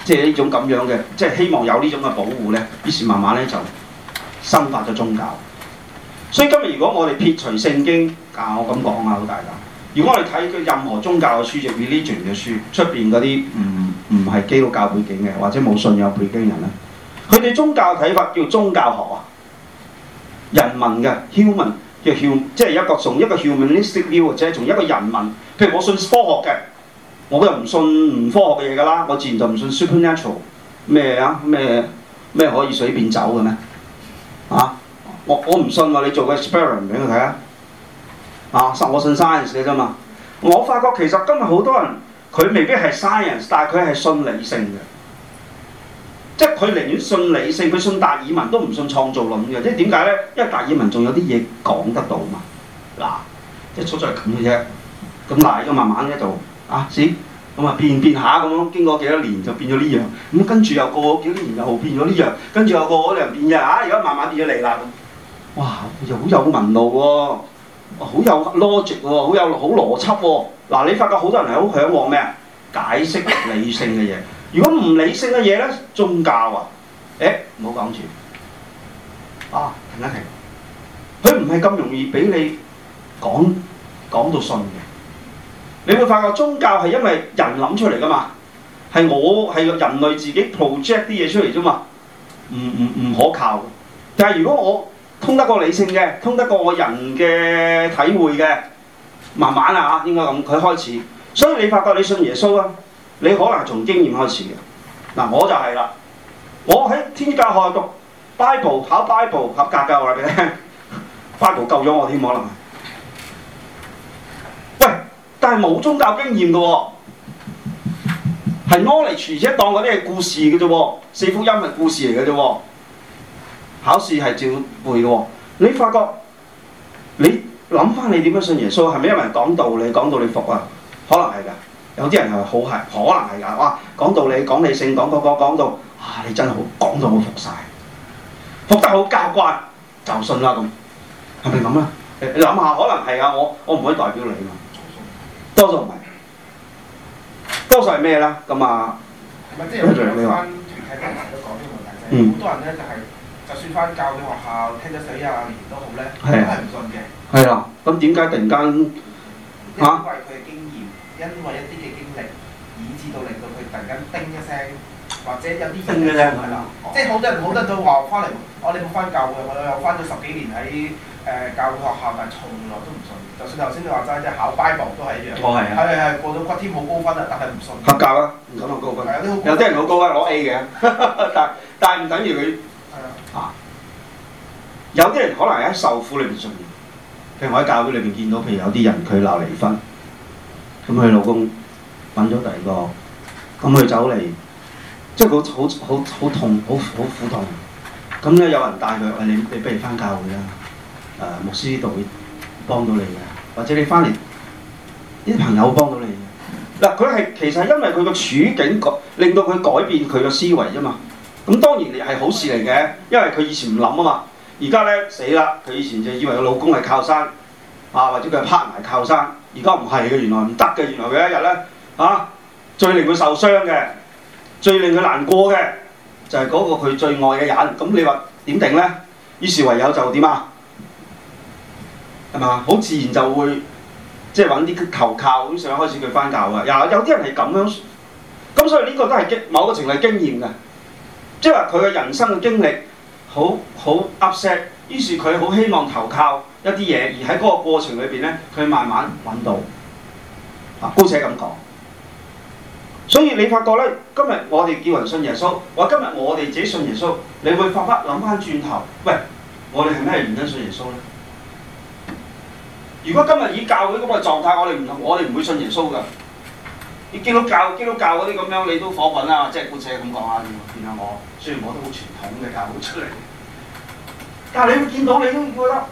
A: 即係呢種咁樣嘅，即係希望有呢種嘅保護咧。於是慢慢咧就深化咗宗教。所以今日如果我哋撇除聖經，我咁講啊，好大膽。如果我哋睇佢任何宗教嘅書籍，religion 嘅書，出邊嗰啲唔唔係基督教背景嘅，或者冇信仰背景嘅人咧，佢哋宗教睇法叫宗教學啊。人民嘅 human 嘅 human 即係一個從一個 humanistic view 或者從一個人民，譬如我信科學嘅，我就唔信唔科學嘅嘢㗎啦，我自然就唔信 supernatural 咩啊咩咩可以隨便走嘅咩啊？我我唔信喎，啊，你做個 experiment 畀佢睇啊！啊，我信 science 啫嘛。我發覺其實今日好多人佢未必係 science，但係佢係信理性嘅。即係佢寧願信理性，佢信達爾文都唔信創造論嘅。即係點解咧？因為達爾文仲有啲嘢講得到嘛。嗱，即係初初係咁嘅啫。咁嗱，而家慢慢咧就啊，先咁啊變變下咁樣，經過幾多年就變咗呢樣。咁、嗯、跟住又過幾多年又變咗呢樣，跟住又過嗰兩變嘅嚇。而、啊、家慢慢變咗你啦。咁哇，
B: 又、這、好、
A: 個、有紋路喎，好有 logic 好有好邏輯喎、啊。嗱、啊，你發覺好多人係好嚮往咩啊？解釋理性嘅嘢。如果唔理性嘅嘢呢，宗教啊，誒，唔好講住，啊，停一停，佢唔係咁容易俾你講講到信嘅。你會發覺宗教係因為人諗出嚟㗎嘛，係我係人類自己 project 啲嘢出嚟啫嘛，唔唔唔可靠。但係如果我通得過理性嘅，通得過我人嘅體會嘅，慢慢啊嚇，應該咁，佢開始。所以你發覺你信耶穌啊？你可能從經驗開始嘅，嗱、啊、我就係啦，我喺天主教學校讀 Bible 考 Bible 合格嘅、啊、Bible 救咗我添可能。喂，但係冇宗教經驗嘅喎，係 knowledge，而且當嗰啲係故事嘅啫、哦，四福音係故事嚟嘅啫，考試係照背嘅、哦。你發覺你諗翻你點樣信耶穌，係咪因為講道理，講到你服啊？可能係㗎。有啲人係好係，可能係㗎哇！講道理，講理性，講講講到啊，你真係好講到我服晒，服得好教慣就信啦咁，係咪咁啊？你諗下，可能係啊，我我唔可以代表你嘛，多數唔係，多數係咩啦？咁、嗯 *noise* 嗯、啊，咁
B: 咪即係我哋講翻團體班級都講呢個例子，好多人咧就係就算翻教嘅學校聽得死廿年都好咧，都係唔信
A: 嘅。係啊，咁點解突然間嚇？因為佢嘅
B: 經驗，因為一啲。叮一聲，或者有啲叮嘢就係啦，即係好多人好多都話翻嚟，我哋冇翻教會，我哋翻咗十幾年喺誒教會學
A: 校，但係從來都唔信，就算頭先你話齋即係考 Bible 都係一樣，我係啊，係過咗骨添冇高分啊，但係唔信。合格啊，唔可能高分啊，有啲人攞高啊，攞 A 嘅，但係但係唔等於佢啊。有啲人可能喺受苦裏邊信，譬如我喺教會裏邊見到，譬如有啲人佢鬧離婚，咁佢老公揾咗第二個。咁佢走嚟，即係好好好痛，好好苦痛。咁咧有人帶佢，喂，你你不如翻教會啦，誒牧師度會幫到你嘅，或者你翻嚟呢啲朋友幫到你嘅。嗱佢係其實係因為佢個處境令到佢改變佢個思維啫嘛。咁當然係好事嚟嘅，因為佢以前唔諗啊嘛。而家咧死啦，佢以前就以為佢老公係靠山，啊或者佢係 partner 係靠山，而家唔係嘅，原來唔得嘅，原來佢一日咧啊～最令佢受傷嘅，最令佢難過嘅，就係、是、嗰個佢最愛嘅人。咁你話點頂呢？於是唯有就點啊，係嘛？好自然就會即係揾啲投靠咁，所以開始佢返教嘅。又係有啲人係咁樣，咁所以呢個都係某個程度係經驗嘅，即係話佢嘅人生嘅經歷好好 upset，於是佢好希望投靠一啲嘢，而喺嗰個過程裏面咧，佢慢慢揾到，姑且咁講。所以你發覺咧，今日我哋叫人信耶穌，或今日我哋自己信耶穌，你會發翻諗翻轉頭，喂，我哋係咩原因信耶穌咧？如果今日以教會咁嘅狀態，我哋唔，我哋唔會信耶穌噶。你見到教基督教嗰啲咁樣，你都火品啦，即係姑且咁講啊，見見下我，雖然我都好傳統嘅教會出嚟，但係你見到你都覺得，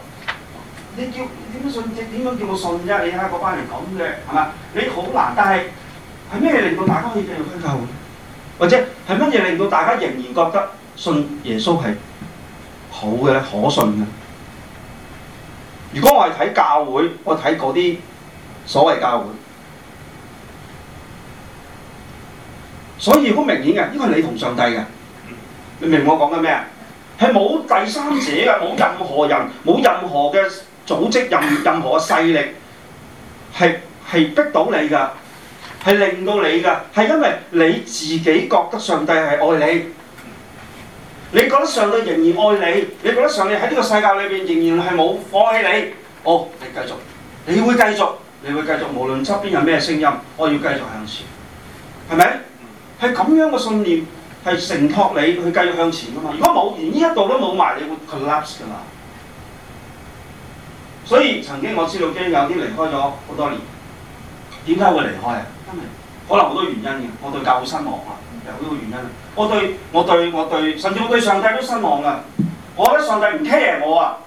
A: 你點點樣信？點點樣叫我信啫？你睇下嗰班人咁嘅，係嘛？你好難，但係。係咩令到大家可以進入基督教咧？或者係乜嘢令到大家仍然覺得信耶穌係好嘅咧、可信嘅？如果我係睇教會，我睇嗰啲所謂教會，所以好明顯嘅，呢個係你同上帝嘅。你明我講緊咩？係冇第三者嘅，冇任何人，冇任何嘅組織、任任何勢力係係逼到你嘅。係令到你㗎，係因為你自己覺得上帝係愛你，你覺得上帝仍然愛你，你覺得上帝喺呢個世界裏邊仍然係冇放棄你。好、哦，你繼續，你會繼續，你會繼續，無論側邊有咩聲音，我要繼續向前，係咪？係咁樣嘅信念係承托你去繼續向前㗎嘛。如果冇，連呢一度都冇埋，你會 collapse 㗎嘛。所以曾經我知道，張有啲離開咗好多年，點解會離開啊？可能好多原因嘅，我對教會失望啊，有好多原因我對我對我對，甚至我對上帝都失望啊。我覺得上帝唔 care 我啊，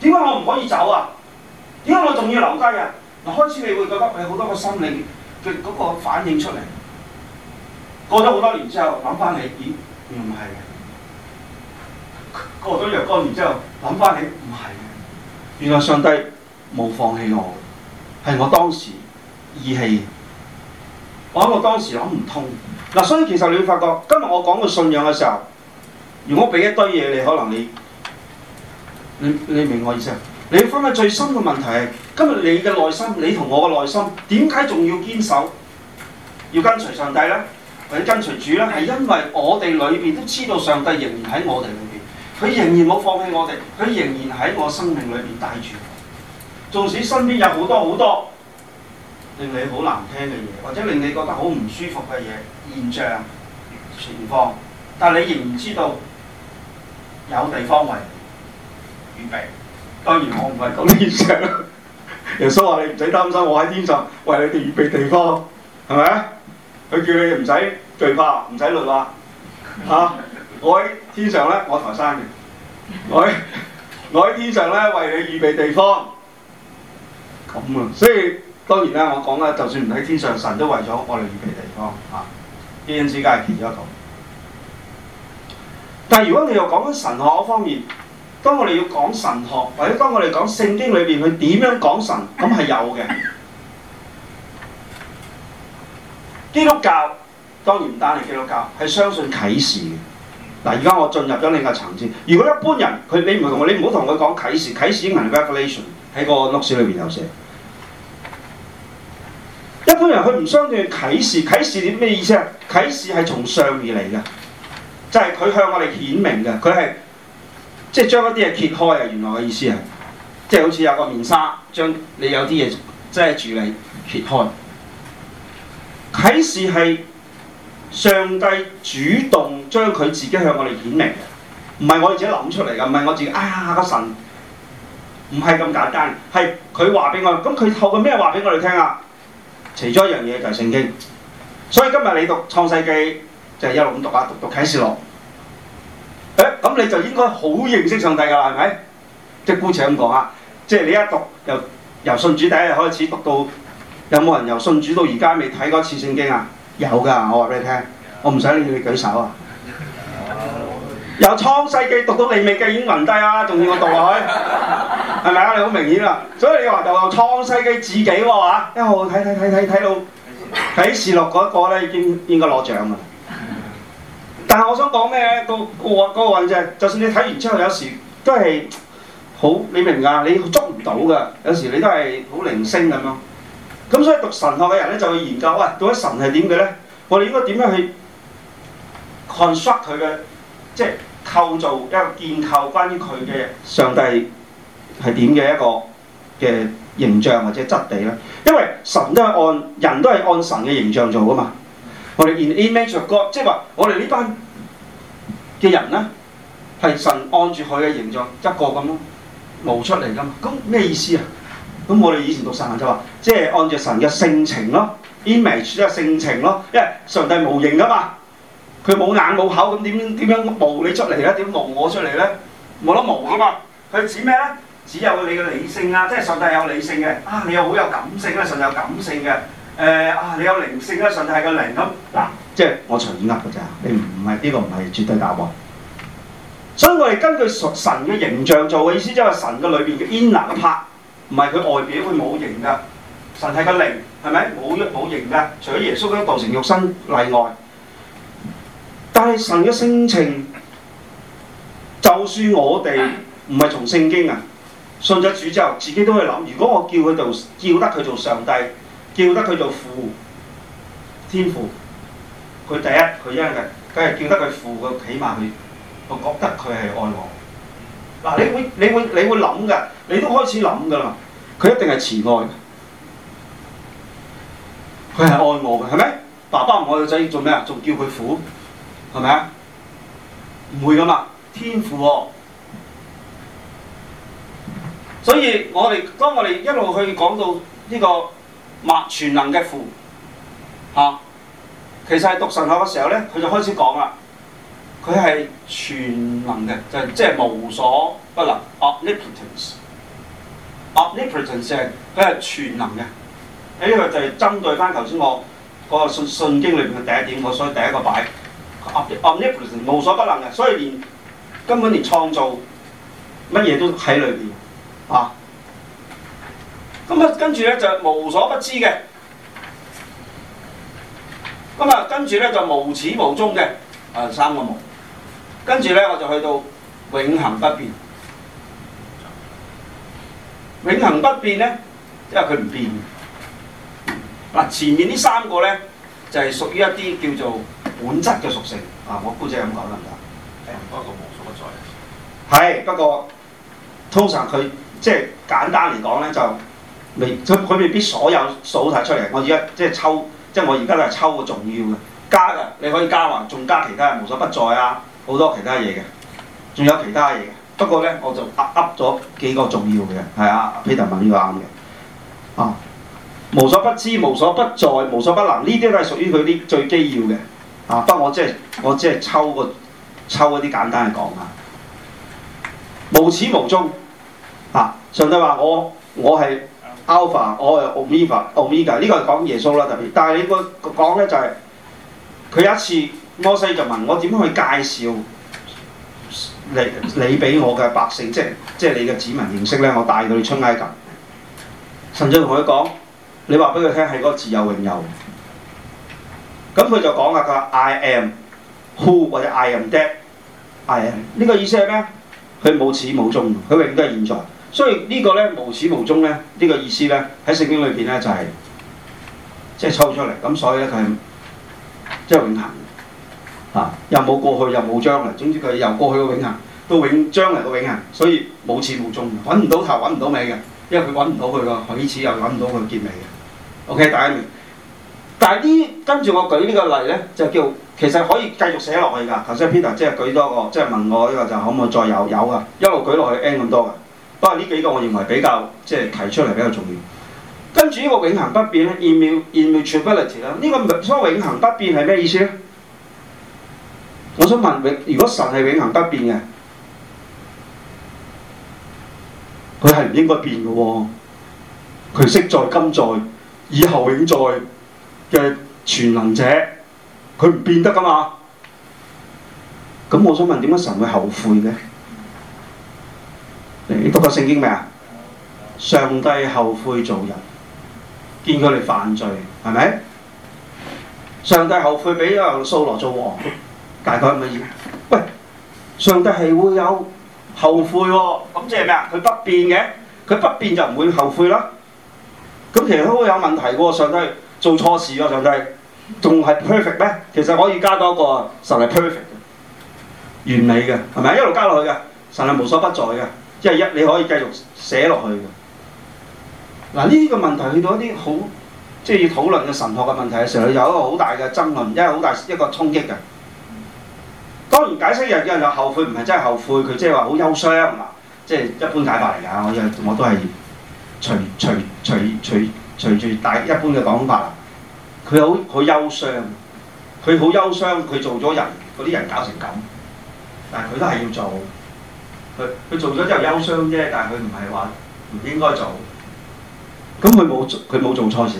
A: 點解我唔可以走啊？點解我仲要留低啊？嗱，開始你會覺得係好多個心理嘅嗰個反應出嚟。過咗好多年之後，諗翻起，咦，唔係嘅。過咗若干年之後，諗翻起，唔係嘅，原來上帝冇放棄我，係我當時意氣。我喺我當時諗唔通，所以其實你會發覺，今日我講個信仰嘅時候，如果俾一堆嘢你，可能你你，你明我意思嗎？你要分開最深嘅問題係：今日你嘅內心，你同我嘅內心，點解仲要堅守，要跟隨上帝呢？要跟隨主呢？係因為我哋裏面都知道上帝仍然喺我哋裏面，佢仍然冇放棄我哋，佢仍然喺我生命裏面帶住我，即使身邊有好多好多。令你好難聽嘅嘢，或者令你覺得好唔舒服嘅嘢、現象、情況，但你仍然知道有地方為預備。當然我唔係講天上。耶穌話你唔使擔心，我喺天上為你哋預備地方，係咪？佢叫你唔使懼怕，唔使亂話。嚇、啊！我喺天上咧，我抬山嘅。我喺我喺天上咧，為你預備地方。咁啊，所以。當然啦，我講咧，就算唔喺天上，神都為咗我哋預備地方啊。基恩之家係預咗一個。但係如果你要講神學方面，當我哋要講神學，或者當我哋講聖經裏邊佢點樣講神，咁係有嘅。基督教當然唔單係基督教，係相信啟示嘅。嗱，而家我進入咗另一個層次。如果一般人佢你唔同我，你唔好同佢講啟示，啟示英文 revelation，喺個歷史裏邊有寫。一般人佢唔相信啟示。啟示啲咩意思啊？啟示係從上而嚟嘅，就係、是、佢向我哋顯明嘅。佢係即係將一啲嘢揭開啊！原來嘅意思係，即、就、係、是、好似有個面紗將你有啲嘢遮住你揭開。啟示係上帝主動將佢自己向我哋顯明嘅，唔係我，我自己諗出嚟嘅，唔係我自己啊！個、啊、神唔係咁簡單，係佢話俾我哋。咁佢透過咩話俾我哋聽啊？其中一樣嘢就係聖經，所以今日你讀創世記就係、是、一路咁讀啊，讀讀啟示錄。誒，咁你就應該好認識上帝㗎啦，係咪？即姑且咁講啊，即係你一讀由由信主第一日開始讀到，有冇人由信主到而家未睇過一次聖經啊？有㗎，我話俾你聽，我唔使你要舉手啊。由《創世記》讀到《利未記》已經暈低啦，仲要我讀落去，係咪啊？你好明顯啊！所以你話由《創世記》自己喎、啊、嚇，因為我睇睇睇睇睇到啟示錄嗰一個咧，已經應該攞獎啊！但係我想講咩咧？個運嗰個,個就算你睇完之後，有時都係好你明㗎、啊，你捉唔到㗎。有時你都係好零星咁咯。咁所以讀神學嘅人咧，就去研究喂，到底神係點嘅咧？我哋應該點樣去 construct 佢嘅即係？構造一個建構，關於佢嘅上帝係點嘅一個形象或者質地咧，因為神都係按人都係按神嘅形象做噶嘛。我哋 in image of God，即係話我哋呢班嘅人呢，係神按住佢嘅形象一個咁咯，模出嚟噶嘛。咁咩意思啊？咁我哋以前讀聖經就話，即、就、係、是、按照神嘅性情咯，image 即係性情咯，因為上帝無形噶嘛。佢冇眼冇口，咁點、點樣模你出嚟咧？點模我出嚟呢？冇得模噶嘛？佢指咩咧？只有你嘅理性啊，即係上帝有理性嘅啊，你又好有感性啊，上帝有感性嘅誒、呃、啊，你有靈性啊，上帝係個靈咁、啊、嗱，即係我隨意噏嘅咋，你唔唔係呢個唔係絕對答案。所以我哋根據神嘅形象做嘅意思，即係神嘅裏面嘅 inner part，唔係佢外表會冇形噶。神係個靈，係咪冇冇形噶？除咗耶穌咧，道成肉身例外。但係神嘅性情，就算我哋唔係從聖經啊，信咗主之後，自己都去諗：如果我叫佢做叫得佢做上帝，叫得佢做父天父，佢第一佢因嘅梗係叫得佢父，佢起碼佢，佢覺得，佢係愛我。嗱，你會你會你會諗嘅，你都開始諗噶啦。佢一定係慈愛的，佢係愛我嘅，係咪？爸爸唔愛個仔，做咩啊？仲叫佢父？係咪啊？唔會噶嘛，天父，哦。所以我哋當我哋一路去講到呢個默全能嘅父，嚇、啊，其實係讀神學嘅時候咧，佢就開始講啦。佢係全能嘅，就係即係無所不能，omnipotence。 *noise* omnipotence 係全能嘅。喺、這、呢個就係針對返頭先我嗰，那個信信經裏面嘅第一點，我所謂第一個擺。暗暗力本身無所不能嘅，所以連根本連創造乜嘢都喺裏邊啊。咁啊，跟住咧就無所不知嘅，咁啊，跟住咧就無始無終嘅，啊三個無。跟住咧我就去到永恒不變。永恒不變咧，因為佢唔變。嗱，前面呢三個咧就係屬於一啲叫做。本質嘅屬性啊，我姑姐咁講得唔得？係唔多到無所不在。係不過通常佢即係簡單嚟講咧，就未佢佢未必所有數睇出嚟。我而家即係抽，即係我而家都係抽個重要嘅加嘅，你可以加埋，仲加其他無所不在啊，好多其他嘢嘅，仲有其他嘢嘅。不過咧，我就噏噏咗幾個重要嘅，係啊，Peter 問呢個啱嘅啊，無所不知、無所不在、無所不能呢啲都係屬於佢啲最基要嘅。啊！不過我，我我只係抽個抽一啲簡單嘅講啊！無始無終啊！上帝話我，我係 Alpha，我係 Omega，Omega 呢個係講耶穌啦，特別。但係你應該講呢，就係佢有一次摩西就問我，點樣去介紹你你俾我嘅百姓，即係你嘅子民認識呢？我帶佢出埃及。神就同佢講：你話俾佢聽係嗰個自有永有。咁佢就講啊，佢話 I am who 或者 I am dead I am 呢個意思係咩？佢冇始冇終，佢永遠都係現在。所以個呢個咧無始無終咧呢、呢個意思咧喺聖經裏邊咧就係、係、即係抽出嚟。咁所以咧佢係即係永恆啊，又冇過去又冇將來。總之佢由過去嘅永恆到永將嚟嘅永恆，所以冇始冇終，揾唔到頭揾唔到尾嘅，因為佢揾唔到佢個開始又揾唔到佢結尾嘅。OK，第一面。但係呢，跟住我舉呢個例咧，就叫，其實可以繼續寫落去㗎。頭先 Peter 即係舉多個，即係問我呢、這個就可唔可以再有有㗎，一路舉落去 n 咁多㗎。不過呢幾個我認為比較即係提出嚟比較重要。跟住呢個永恆不變咧，immutability 啦。呢、這個永恆不變係咩意思呢？我想問如果神係永恆不變嘅，佢係唔應該變嘅喎、哦。佢昔在今在，以後永在。嘅全能者，佢唔變得噶嘛？咁我想問點解神會後悔嘅？你讀過聖經未啊？上帝後悔做人，見佢哋犯罪，係咪？上帝後悔俾亞當、掃羅做王，大概係咪意？喂，上帝係會有後悔喎，哦，咁即係咩啊？佢不變嘅，佢不變就唔會後悔啦。咁其實都會有問題喎，上帝。做錯事咯、啊、上帝，仲係 perfect 咩？其實可以加多個，神係 perfect 嘅，完美嘅，係咪一路加落去嘅，神係無所不在嘅，即係一,一你可以繼續寫落去嘅。嗱、啊、呢、這個問題去到一啲好即係要討論嘅神學嘅問題嘅時候，有一個好大嘅爭論，即係好大一個衝擊嘅。當然解釋有人就後悔，唔係真係後悔，佢即係話好憂傷，嗱，即係一般解法嚟㗎。我又我都係隨隨隨隨。隨住大一般嘅講法啦，佢好佢憂傷，佢好憂傷，佢做咗人嗰啲人搞成咁，但係佢都係要做，佢佢做咗之後憂傷啫，但係佢唔係話唔應該做，咁佢冇佢冇做錯事，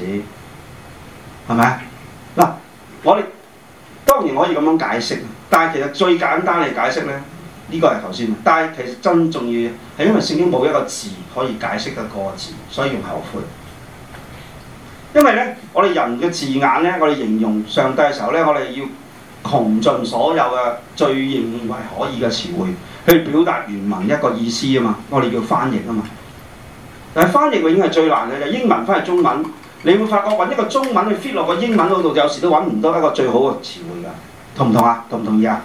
A: 係咪？嗱，我哋當然可以咁樣解釋，但係其實最簡單嘅解釋咧，呢、呢個係頭先，但係其實真重要係因為聖經冇一個字可以解釋嘅個字，所以用後悔。因為咧，我哋人嘅字眼咧，我哋形容上帝嘅時候咧，我哋要窮盡所有嘅最認為可以嘅詞彙去表達原文一個意思啊嘛，我哋叫翻譯啊嘛。但係翻譯已經係最難嘅，就英文翻譯中文，你會發覺揾一個中文去 fit 落個英文嗰度，有時都揾唔到一個最好嘅詞彙㗎，同唔同啊？同唔同意啊？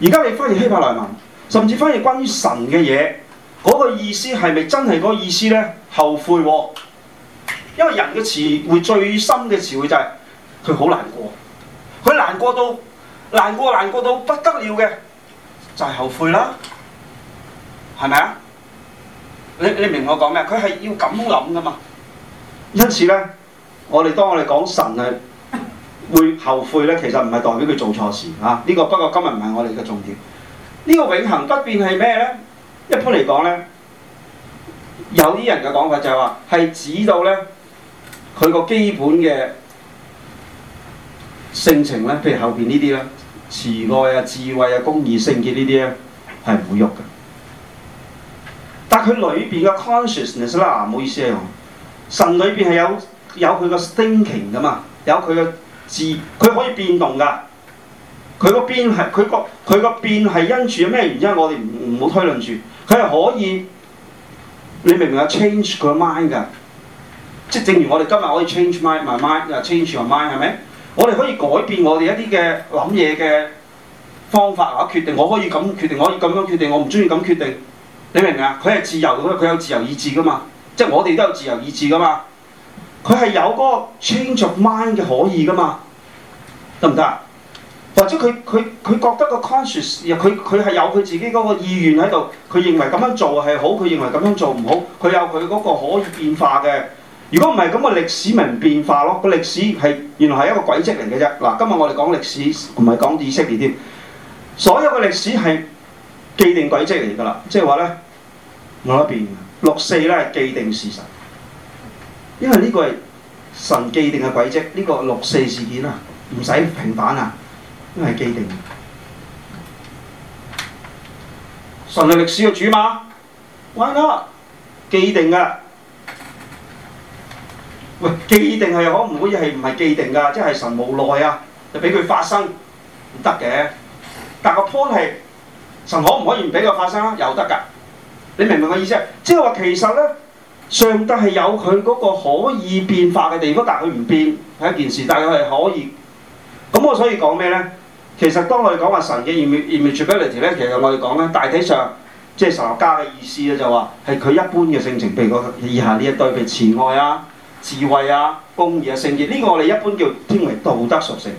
A: 而家你翻譯希伯來文，甚至翻譯關於神嘅嘢，嗰個意思係咪真係嗰意思咧？後悔喎！因為人嘅詞彙最深嘅詞彙就係佢好難過，佢難過到難過難過到不得了嘅，就係、是、後悔啦，係咪啊？你你明我講咩？佢係要咁諗噶嘛？因此咧，我哋當我哋講神啊，會後悔咧，其實唔係代表佢做錯事嚇。呢、啊這個不過今日唔係我哋嘅重點。呢、這個永恒不變係咩咧？一般嚟講咧，有啲人嘅講法就係話係指到咧。佢個基本嘅性情咧，譬如後邊呢啲咧，慈愛啊、智慧啊、公義、聖潔呢啲咧，係唔會喐嘅。但係佢裏邊嘅 consciousness 啦，唔好意思啊，神裏邊係有有佢個 thinking 噶嘛，有佢嘅智，佢可以變動㗎。佢個變係佢個佢個變係因住咩原因？我哋唔唔好推論住，佢係可以，你明唔明啊？change 佢 mind 噶。即正如我哋今日可以 change my mind，又 change your mind，係咪？我哋可以改變我哋一啲嘅諗嘢嘅方法啊，決定我可以咁決定，我可以咁樣決定，我唔中意咁決定，你明唔明啊？佢係自由，佢有自由意志噶嘛？即係我哋都有自由意志噶嘛？佢係有嗰個 change your mind 嘅可以噶嘛？得唔得？或者佢佢佢覺得個 conscious，佢佢係有佢自己嗰個意願喺度，佢認為咁樣做係好，佢認為咁樣做唔好，佢有佢嗰個可以變化嘅。如果唔係咁，個歷史咪唔變化咯，個歷史係原來係一個軌跡嚟嘅啫。嗱，今日我哋講歷史，唔係講以色列添。所有嘅歷史係既定軌跡嚟噶啦，即係話咧冇得變。六四咧係既定事實，因為呢個係神既定嘅軌跡。呢個六四事件啊，唔使平反啊，因為既定。神係歷史嘅主嘛，喂，啊，既定嘅。喂，既定係可唔可以係唔係既定㗎？即係神無奈啊，就俾佢發生唔得嘅。但個 point 係神可唔可以唔俾佢發生啊？又得㗎。你明唔明我意思啊？即係話其實咧，上帝係有佢嗰個可以變化嘅地方，但係佢唔變係一件事。但係佢係可以。咁我所以講咩咧？其實當我哋講話神嘅 immutability 咧，其實我哋講咧大體上即係神學家嘅意思咧，就話係佢一般嘅性情，譬如講以下呢一堆嘅慈愛啊、智慧啊、公義啊、聖潔，呢、這個我哋一般叫稱為道德屬性。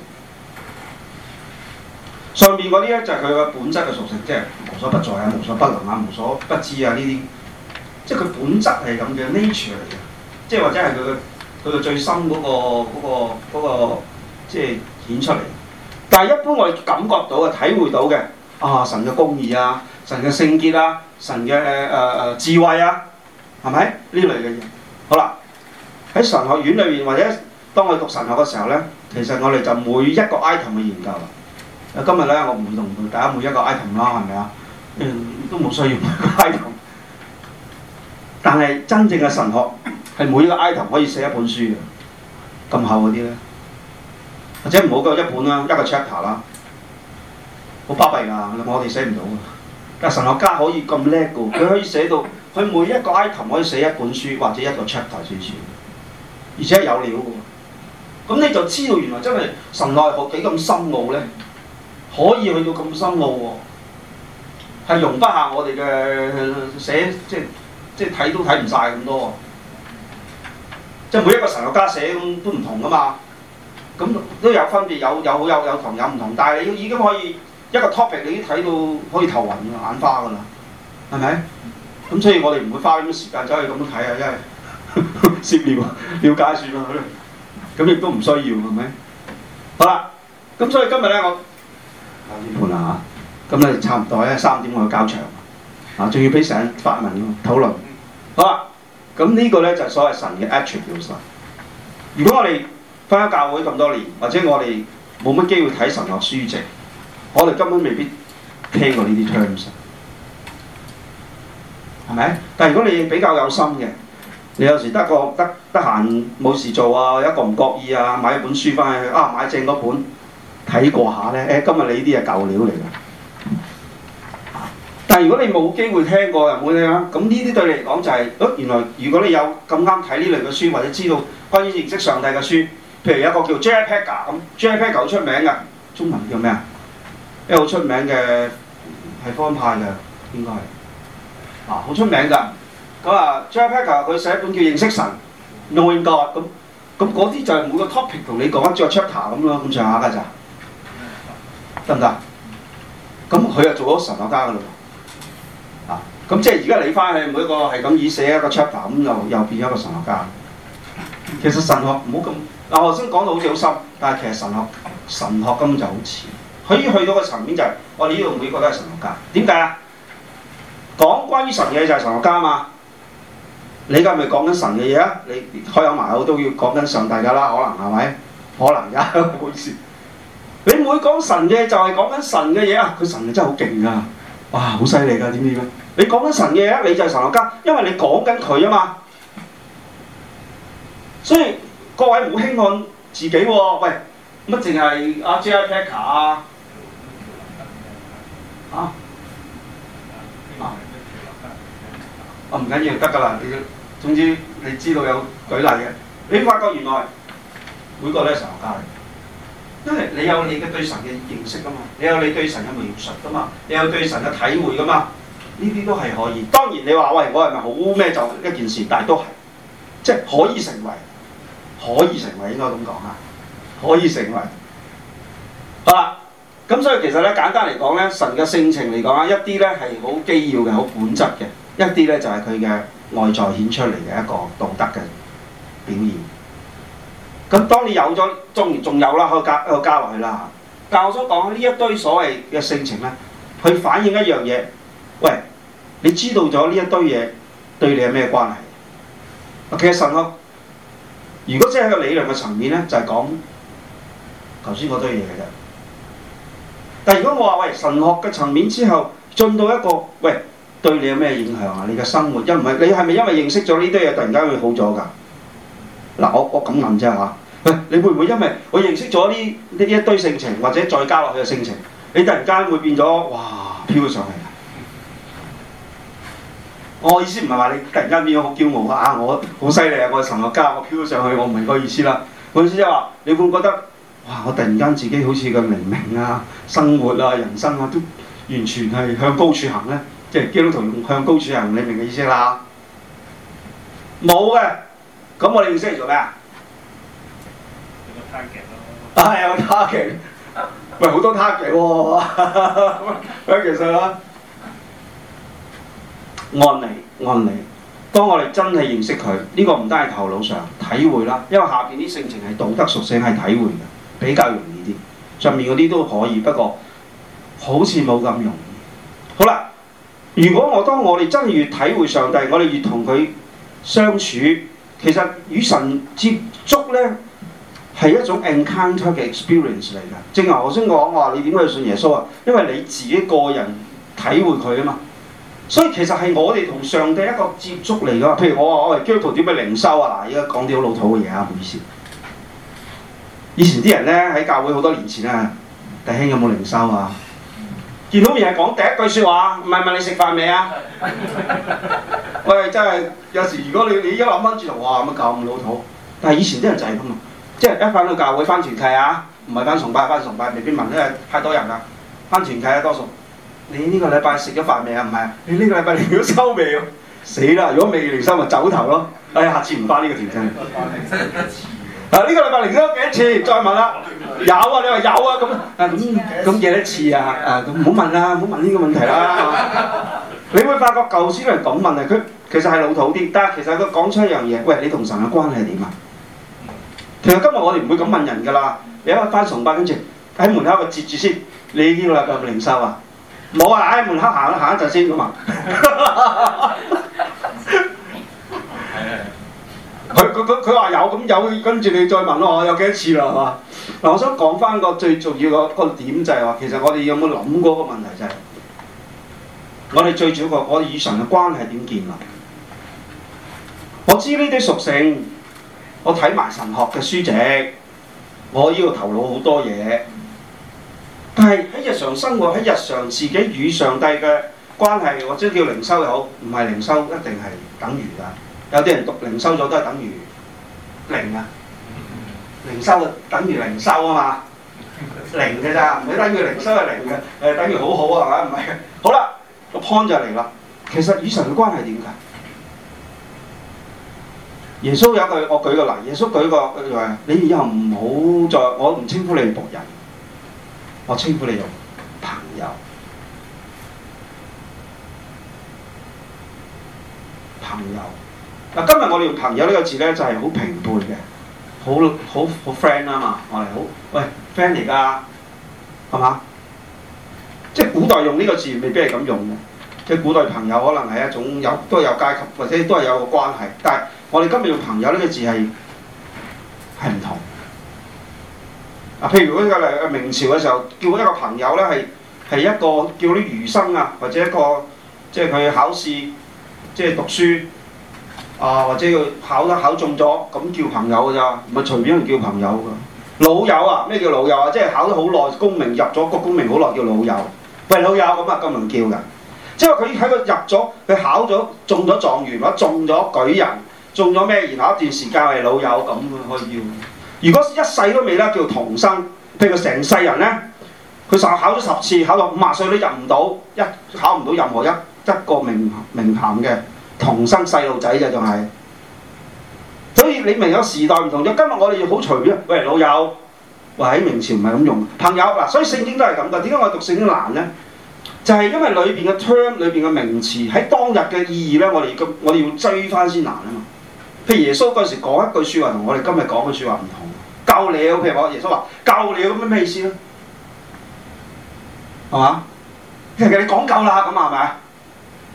A: 上面嗰啲咧就係佢嘅本質嘅屬性，即係無所不在啊、無所不能啊、無所不知啊呢啲，即係佢本質係咁嘅 nature 嚟嘅，即係或者係佢嘅佢嘅最深嗰、那個嗰、那個那個、即係顯出嚟。但係一般我哋感覺到嘅、體會到嘅，啊神嘅公義啊、神嘅聖潔啊、神嘅誒誒智慧啊，係咪呢類嘅嘢？好啦。喺神學院裏邊，或者當我讀神學嘅時候咧，其實我哋就每一個 item 去研究啦。今日咧，我唔會同大家每一個 item 啦，係咪啊？都冇需要每一個 item。但係真正嘅神學係每一個 item 可以寫一本書嘅，咁厚嗰啲咧，或者唔好講一本啦，一個 chapter 啦，好巴閉㗎。我哋寫唔到嘅。但神學家可以咁叻㗎，佢可以寫到佢每一個 item 可以寫一本書或者一個 chapter 之書。而且有料喎，咁你就知道原來真係神奈何幾咁深奧咧，可以去到咁深奧喎、哦，係容不下我哋嘅寫，即係睇都睇唔晒咁多啊！即係每一個神學家寫咁都唔同噶嘛，咁都有分別，有有有有同有唔同，但係你已經可以一個 topic 你已都睇到可以頭暈眼花㗎啦，係咪？咁所以我哋唔會花咁多時間走去咁睇啊，因為。涉獵啊，了解算啦，咁亦都唔需要，係咪？好啦，咁所以今日咧，我解盤吓，咁、啊、你差唔多咧三點我交場啊，仲要俾成人發問討論。好、啊、啦，咁、啊、呢個咧就係、所謂神嘅 attributes、啊。如果我哋翻喺教會咁多年，或者我哋冇乜機會睇神學書籍，我哋根本未必聽過呢啲 terms，係咪？但係如果你比較有心嘅，你有時得個得，得閒冇事做啊，一個唔覺意啊，買一本書返去啊，買正嗰本睇過下咧、哎。今日你呢啲係舊料嚟㗎。但係如果你冇機會聽過，又冇聽啦。咁呢啲對你嚟講就係、是，誒原來如果你有咁啱睇呢類嘅書，或者知道關於認識上帝嘅書，譬如有一個叫 J.I. Packer，J.I. Packer 好出名㗎，中文叫咩啊？一個出名嘅係方派嘅，應該係啊，好出名㗎。咁啊，Packer 佢寫一本叫認識神、內在咁，咁嗰啲就係每個 topic 同你講一個 chapter 咁咯，咁上下㗎咋？得唔得？咁佢又做咗神學家㗎啦。啊，咁即係而家你返去每一個係咁意寫一個 chapter，咁又變成一個神學家。其實神學唔好咁嗱，我先講到好似好深，但係其實神學神學根本就好淺，可以去到個層面就係、是、我哋呢度每個都係神學家，點解啊？講關於神嘅嘢就係神學家嘛。你而家咪講緊神嘅嘢啊！你開口埋口都要講緊上帝㗎啦，可能係咪？可能㗎，唔好意思。你每講神嘅就係講緊神嘅嘢啊！佢神真係好勁㗎，哇！好犀利㗎，點點啊？知道嗎，你講緊神嘅，你就係神學家，因為你講緊佢啊嘛。所以各位唔好輕看自己喎、啊。喂，乜淨係阿 Jack 啊？
C: 啊！
A: 唔緊要得噶啦，你總之你知道有舉例嘅，你發覺原來每個咧神學家、嚟，因為你有你嘅對神嘅認識噶嘛，你有你對神嘅描述噶嘛，你有對神嘅體會噶嘛，呢啲都係可以。當然你話喂，我係咪好咩就一件事，但係都係，即係可以成為，可以成為應該咁講啊，可以成為。好啦，咁所以其實咧簡單嚟講咧，神嘅性情嚟講啊，一啲咧係好基要嘅，好本質嘅。一啲咧就係佢嘅外在顯出嚟嘅一個道德嘅表現。咁當你有咗，當然仲有啦，可加可加落去啦嚇。但係我所講呢一堆所謂嘅性情咧，佢反映一樣嘢。喂，你知道咗呢一堆嘢對你有咩關係？其實神學如果只係個理論嘅層面咧，就係講頭先嗰堆嘢嘅啫。但係如果我話喂神學嘅層面之後進到一個喂。對你有咩影響？你嘅生活一唔係你係咪因為認識咗呢堆嘢突然間會好咗㗎？嗱，我我咁諗啫。你會唔會因為我認識咗呢一堆性情或者再加落去嘅性情，你突然間會變咗哇飄咗上嚟，啊，上去！我意思唔係話你突然間變咗好驕傲啊！我好犀利啊！我神學家，我飄咗上去，我唔係嗰個意思啦。我意思即係話，你會唔會覺得哇！我突然間自己好似個靈命啊，生活啊，人生啊，都完全係向高處行呢？即係基督徒向高處行，你明嘅意思啦？冇嘅，咁我哋認識嚟做咩啊，啊？有 target 咯。係有 target，唔係好多 target 喎。喂，其實啊！ *laughs* 實標按理按理，當我哋真係認識佢，呢、呢個唔單係頭腦上體會啦，因為下邊啲性情係道德屬性係體會嘅，比較容易啲。上面嗰啲都可以，不過好似冇咁容易。好啦。如果我當我哋真係越體會上帝，我哋越同佢相處，其實與神接觸呢，係一種 encounter 嘅 experience 嚟㗎。正話我先講話，你點解要信耶穌啊？因為你自己個人體會佢啊嘛。所以其實係我哋同上帝一個接觸嚟㗎。譬如我話我哋基督徒點樣靈修啊？嗱，而家講啲好老土嘅嘢啊，唔好意思。以前啲人咧喺教會好多年前啊，弟兄有冇靈修啊？見到人係講第一句説話，唔係問你食飯未啊？ *laughs* 喂，真係有時，如果你你一諗翻轉頭，哇，乜教咁老土？但係以前啲人就係咁啊，即係一翻到教會翻團契啊，唔係翻崇拜，翻崇拜，未必問，因為太多人啦，翻團契啊多數。你呢個禮拜食咗飯未啊？唔係你呢個禮拜食咗收未啊？死啦！如果未嚟收咪走頭咯。哎呀，下次唔翻呢個團契。 *laughs* 嗱，呢、啊這個禮拜靈修幾多次？再問啦、 *noise* 啊，有啊，你話有啊，咁、嗯，咁、嗯嗯、幾多次啊？誒、嗯，咁唔好問啦，唔好問呢個問題啦。
C: *laughs*
A: 你會發覺舊時都係咁問啊，佢其實係老土啲，但係其實佢講出一樣嘢。喂，你同神嘅關係係點啊？其實今日我哋唔會咁問人㗎啦。你一家返崇拜，跟住喺門口個截住先，你呢個禮拜靈修啊？冇啊，喺門口行啦，行一陣先咁啊。 *laughs* *laughs* 佢佢佢佢話有咁有，跟住你再問咯，我有幾多次啦？係嘛？嗱，我想講翻個最重要個個點就係、是、話，其實我哋有冇諗過個問題、就是？就係我哋最主要個我與神嘅關係點建立？我知呢啲屬性，我睇埋神學嘅書籍，我呢個頭腦好多嘢，但係喺日常生活喺日常自己與上帝嘅關係，或者叫靈修又好，唔係靈修一定係等於㗎。有啲人讀靈修咗都係等於零啊，靈修啊，等於靈修啊嘛，
B: 零嘅咋，唔好等
A: 於靈修係零嘅，等於好好啊？嚇唔係，好啦，個 point 就嚟啦，其實與神嘅關係點㗎？耶穌有句，我舉個例，耶穌舉個誒，你以後唔好再，我唔稱呼你係僕人，我稱呼你做朋友，朋友。今日我哋用朋友呢個字咧，就係好平輩嘅，好好好 friend 啊嘛！我哋好，喂，friend 嚟噶，係嘛？即係古代用呢個字未必係咁用嘅，即係古代朋友可能係一種有都有階級，或者都係有個關係。但係我哋今日用朋友呢個字係係唔同。嗱，譬如嗰個嚟明朝嘅時候，叫一個朋友咧，係係一個叫啲儒生啊，或者一個即係佢考試，即係讀書。啊，或者佢考得考中咗，咁叫朋友噶咋，唔係隨便叫朋友噶。老友啊，咩叫老友啊？即係考得好耐，功名入咗個功名好耐叫老友。喂，老友咁啊，咁能叫噶？即係佢喺度入咗，佢考咗中咗狀元或者中咗舉人，中咗咩？然後一段時間係老友咁佢可以叫。如果一世都未得，叫童生。譬如佢成世人咧，佢考咗十次，考到五十歲都入唔到，一考唔到任何一一個名名銜嘅。同生細路仔啫，仲係，所以你明咗時代唔同咗。今日我哋要好隨便，喂，老友話喺明朝唔係咁用。朋友嗱，所以聖經都係咁噶。點解我哋讀聖經難咧？就係因為裏邊嘅 term，裏邊嘅名詞喺當日嘅意義咧，我哋要我哋要追翻先難啊嘛。譬如耶穌嗰時講一句說話，同我哋今日講嘅說話唔同，「救你」，譬如話，耶穌話「救你」，咁咩意思咧？係嘛？其實你講夠啦，咁係咪？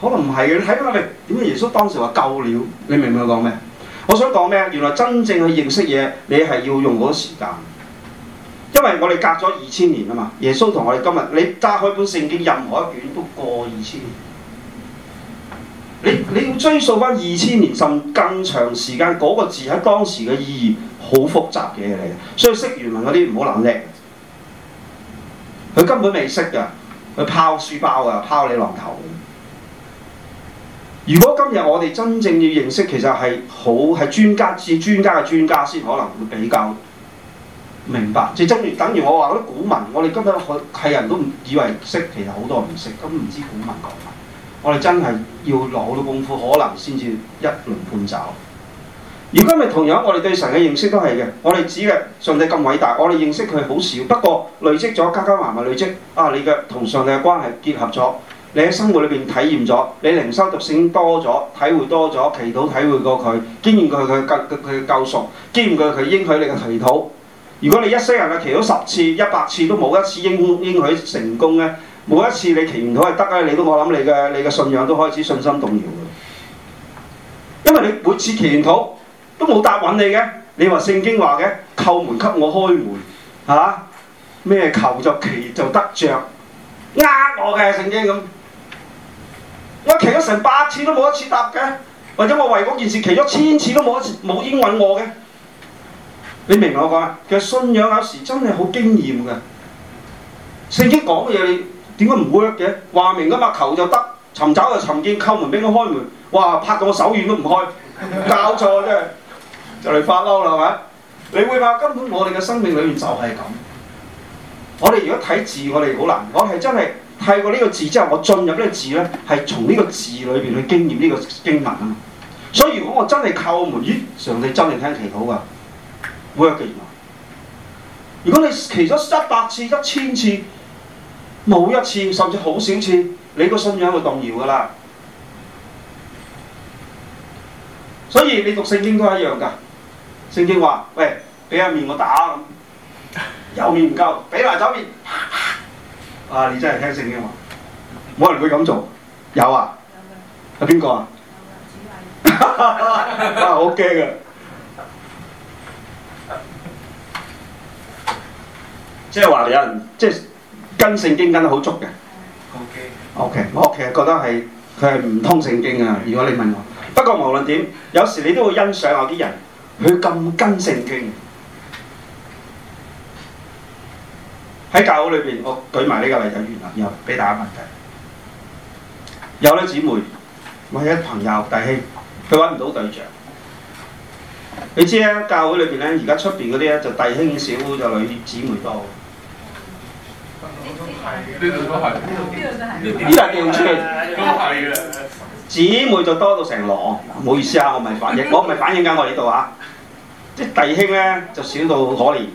A: 可能唔係嘅，你睇翻嚟點解耶穌當時話夠了？你明唔明我講咩？我想講咩？原來真正去認識嘢，你係要用嗰個時間。因為我哋隔咗二千年啊嘛，耶穌同我哋今日，你打開本聖經任何一卷都過二千年。你你要追溯翻二千年甚至更長時間嗰個字喺當時嘅意義，好複雜嘅嘢嚟。所以識原文嗰啲唔好懶叻，佢根本未識㗎，佢拋書包啊，拋你浪頭。如果今日我哋真正要認識，其實係好係專家至專家嘅專家先可能會比較明白。即係等於我話嗰啲股民，我哋今日係人都以為識，其實好多唔識，咁唔知股民講乜。我哋真係要落好多功夫，可能先至一輪半爪。如果今日同樣我哋對神嘅認識都係嘅，我哋指嘅上帝咁偉大，我哋認識佢好少，不過累積咗加加埋埋累積，啊你嘅同上帝嘅關係結合咗。你喺生活裏面體驗咗，你靈修讀聖經多咗，體會多咗，祈禱體會過佢，經驗過佢佢救佢嘅救贖，經驗過佢應許你嘅祈禱。如果你一世人嘅祈禱十次、一百次都冇一次應應許成功咧，每一次你祈唔到係得咧，你都我諗你嘅你嘅信仰都開始信心動搖。因為你每次祈禱都冇答允你嘅，你話聖經話嘅叩門給我開門嚇，咩、啊、求就祈就得着。呃我嘅聖經咁。我祈咗成八次都冇一次答嘅，或者我為嗰件事祈咗千次都冇一次冇應允我嘅，你明嘛？我講啊，其實信仰有時真係好驚艷嘅。聖經講嘅嘢，你點解唔 work 嘅？話明噶嘛，求就得，尋找就尋見，叩門俾我開門，哇！拍到我手軟都唔開，教錯真係 *laughs* 就嚟發嬲啦，係嘛？你會話？根本我哋嘅生命裏面就係咁，我哋如果睇字，我哋好難講。我係真係。睇過呢個字之後，我進入呢個字咧，係從呢個字裏邊去經驗呢個經文啊嘛。所以如果我真係叩門，咦，上帝真係聽祈禱噶每日經文。如果你祈咗一百次、一千次，冇一次，甚至好少次，你個信仰會動搖噶啦。所以你讀聖經都係一樣噶，聖經話：喂，俾右面我打，右面唔夠，俾埋左面。啊！你真係聽聖經喎，冇人會咁做。有啊，阿邊個啊？啊！ *laughs* 好驚啊！即係話有人即係跟聖經跟得好足嘅。O K，我其實覺得係佢係唔通聖經啊。如果你問我，不過無論點，有時你都會欣賞有啲人，佢咁跟聖經。喺教會裏面，我舉埋呢個例子，完後然後俾大家問題。有啲姊妹，我或一朋友弟兄，佢揾唔到對象。你知啊，教會裏面呢，而家出面嗰啲呢就弟兄少，就姊妹多。呢度都係，呢度都係，呢度都
C: 係。呢度都係。
A: 姊妹就多到成狼，唔好意思啊，我唔係反應，我唔係反應緊 *laughs* 我，應我呢度啊。啲弟兄呢就少到可憐。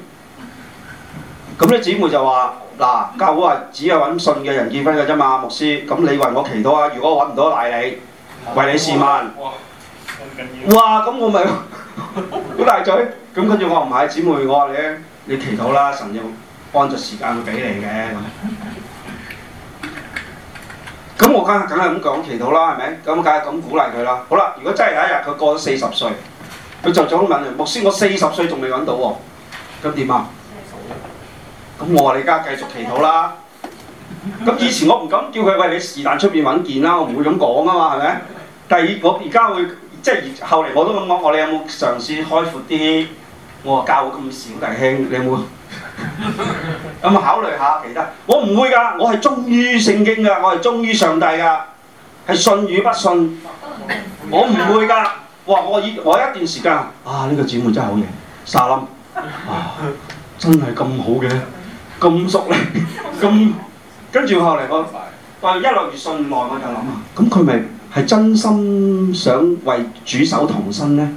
A: 咁啲姊妹就話：嗱，教會話只係揾信嘅人結婚嘅啫嘛，牧師。咁你為我祈禱、啊、如果揾唔到，賴你，
B: 為你試問。哇，
A: 咁緊要！咁我咪好大嘴。咁跟住我話唔係，姊妹，我話你，你祈禱啦、啊，神要按著時間去俾你嘅咁。咁我梗梗係咁講祈禱啦，係咪？咁梗係咁鼓勵佢啦。好啦，如果真係有一日佢過咗四十歲，佢就仲揾唔到。牧師，我四十歲仲未揾到喎，咁點啊？我話你而家繼續祈禱啦。咁以前我唔敢叫佢，喂，你是但出面揾件啦，我唔會咁講啊嘛，係咪？第二我而家會即係後嚟我都咁講，我你有冇嘗試開闊啲？我話教會咁少弟兄，你有冇？有 *laughs* 冇考慮下其他？我唔會㗎，我係忠於聖經㗎，我係忠於上帝㗎，係信與不信，我唔會㗎。我話我以我一段時間啊，呢、呢個姊妹真係好型，沙冧！啊，真係咁好嘅。咁熟咧，咁跟住後嚟我一落完信內我就諗下，咁佢咪係真心想為主手同身呢？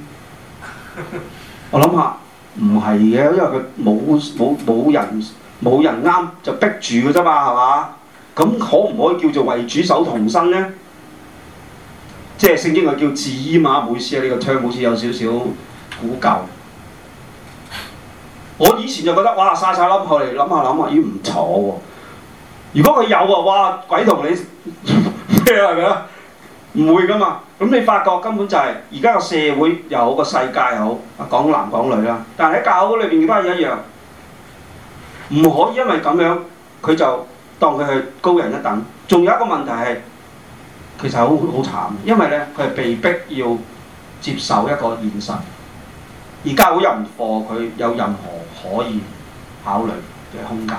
A: 我諗下唔係嘅，因為佢冇冇冇人冇人啱就逼住嘅啫嘛，係嘛？咁可唔可以叫做為主手同身呢？即係聖經係叫自醫嘛，唔好意思啊呢、呢個 term 好似有少少古舊。我以前就覺得哇晒晒諗下嚟諗下諗下，咦唔錯喎！如果佢有啊，哇鬼同你咩係咪啊？唔 *laughs* 會噶嘛！咁你發覺根本就係而家個社會又好，個世界又好，講男講女啦。但係喺教會裏邊亦都係一樣，唔可以因為咁樣佢就當佢係高人一等。仲有一個問題係，其實好好慘，因為咧佢係被逼要接受一個現實。而教會又唔駁佢有任何可以考慮嘅空間。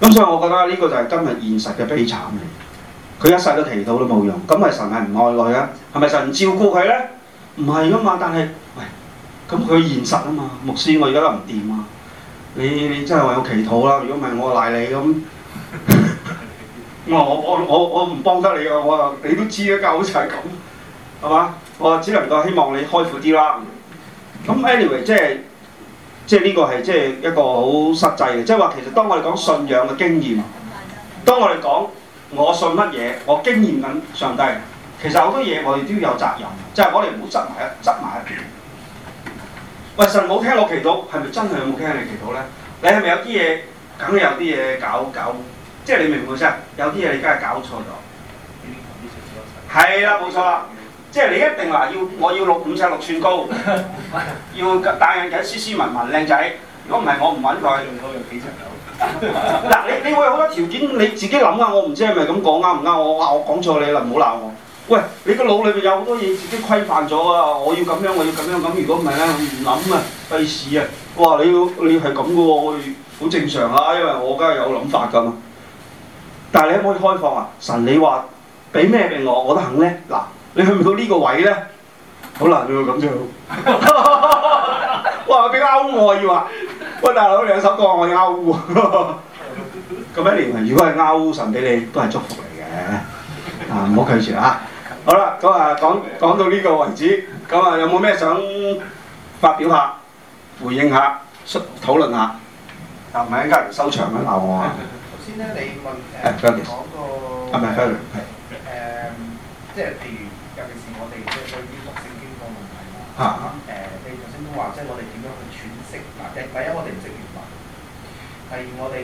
A: 咁所以我覺得呢個就係今日現實嘅悲慘嚟。佢一世都祈禱都冇用，咁係神係唔愛佢啊？係咪神唔照顧佢咧？唔係噶嘛。但係喂，咁佢現實啊嘛。牧師，我而家都唔掂啊！你你真係話有祈禱啦？如果唔係我賴你咁， *laughs* 我我我我唔幫得你㗎。我話你都知啦，家好似係咁，係嘛？我只能夠希望你開闊啲啦。咁 anyway 即係。即係呢個係即係一個好實際嘅，即係話其實當我哋講信仰嘅經驗，當我哋講我信乜嘢，我經驗緊上帝，其實好多嘢我哋都要有責任，就係我哋唔好執埋一執埋一邊。喂，神冇聽我祈禱，係咪真係有冇聽你祈禱咧？你係咪有啲嘢，梗係有啲嘢搞搞？即係你明唔明先？有啲嘢你梗係搞錯咗。係啦，冇錯。即係你一定嗱，要我要六五尺六寸高，要戴眼鏡斯斯文文靚仔。如果唔係，我唔揾佢。仲有幾尺？嗱，你你會有好多條件，你自己諗啊！我唔知係咪咁講啱唔啱。我話我講錯你啦，唔好鬧我。喂，你個腦裏邊有好多嘢自己規範咗啊！我要咁樣，我要咁樣咁。如果唔係咧，唔諗啊，費事啊！哇，我話你要你係咁嘅喎，好正常嚇、啊，因為我梗係有諗法㗎、啊、嘛。但係你可唔可以開放啊？神，你話畀咩畀我，我都肯咧嗱。你去唔到呢個位咧，好難喎，咁就， *laughs* 哇！俾勾我要話，喂，大佬兩首歌我勾喎，咁一年如果係勾神俾你，都係祝福嚟嘅， *laughs* 啊唔好拒絕啊！好啦，咁啊講講到呢個為止。咁啊有冇咩想發表下、回應下、討論下？啊唔係，依家收場
B: 啦，鬧我啊。頭先咧，你問誒講個，啊唔即係即係對於讀聖經個問題啦，誒、啊，譬如頭先都話、就是，即係我哋點樣去喘釋？嗱，第第一，我哋唔識原文，係我哋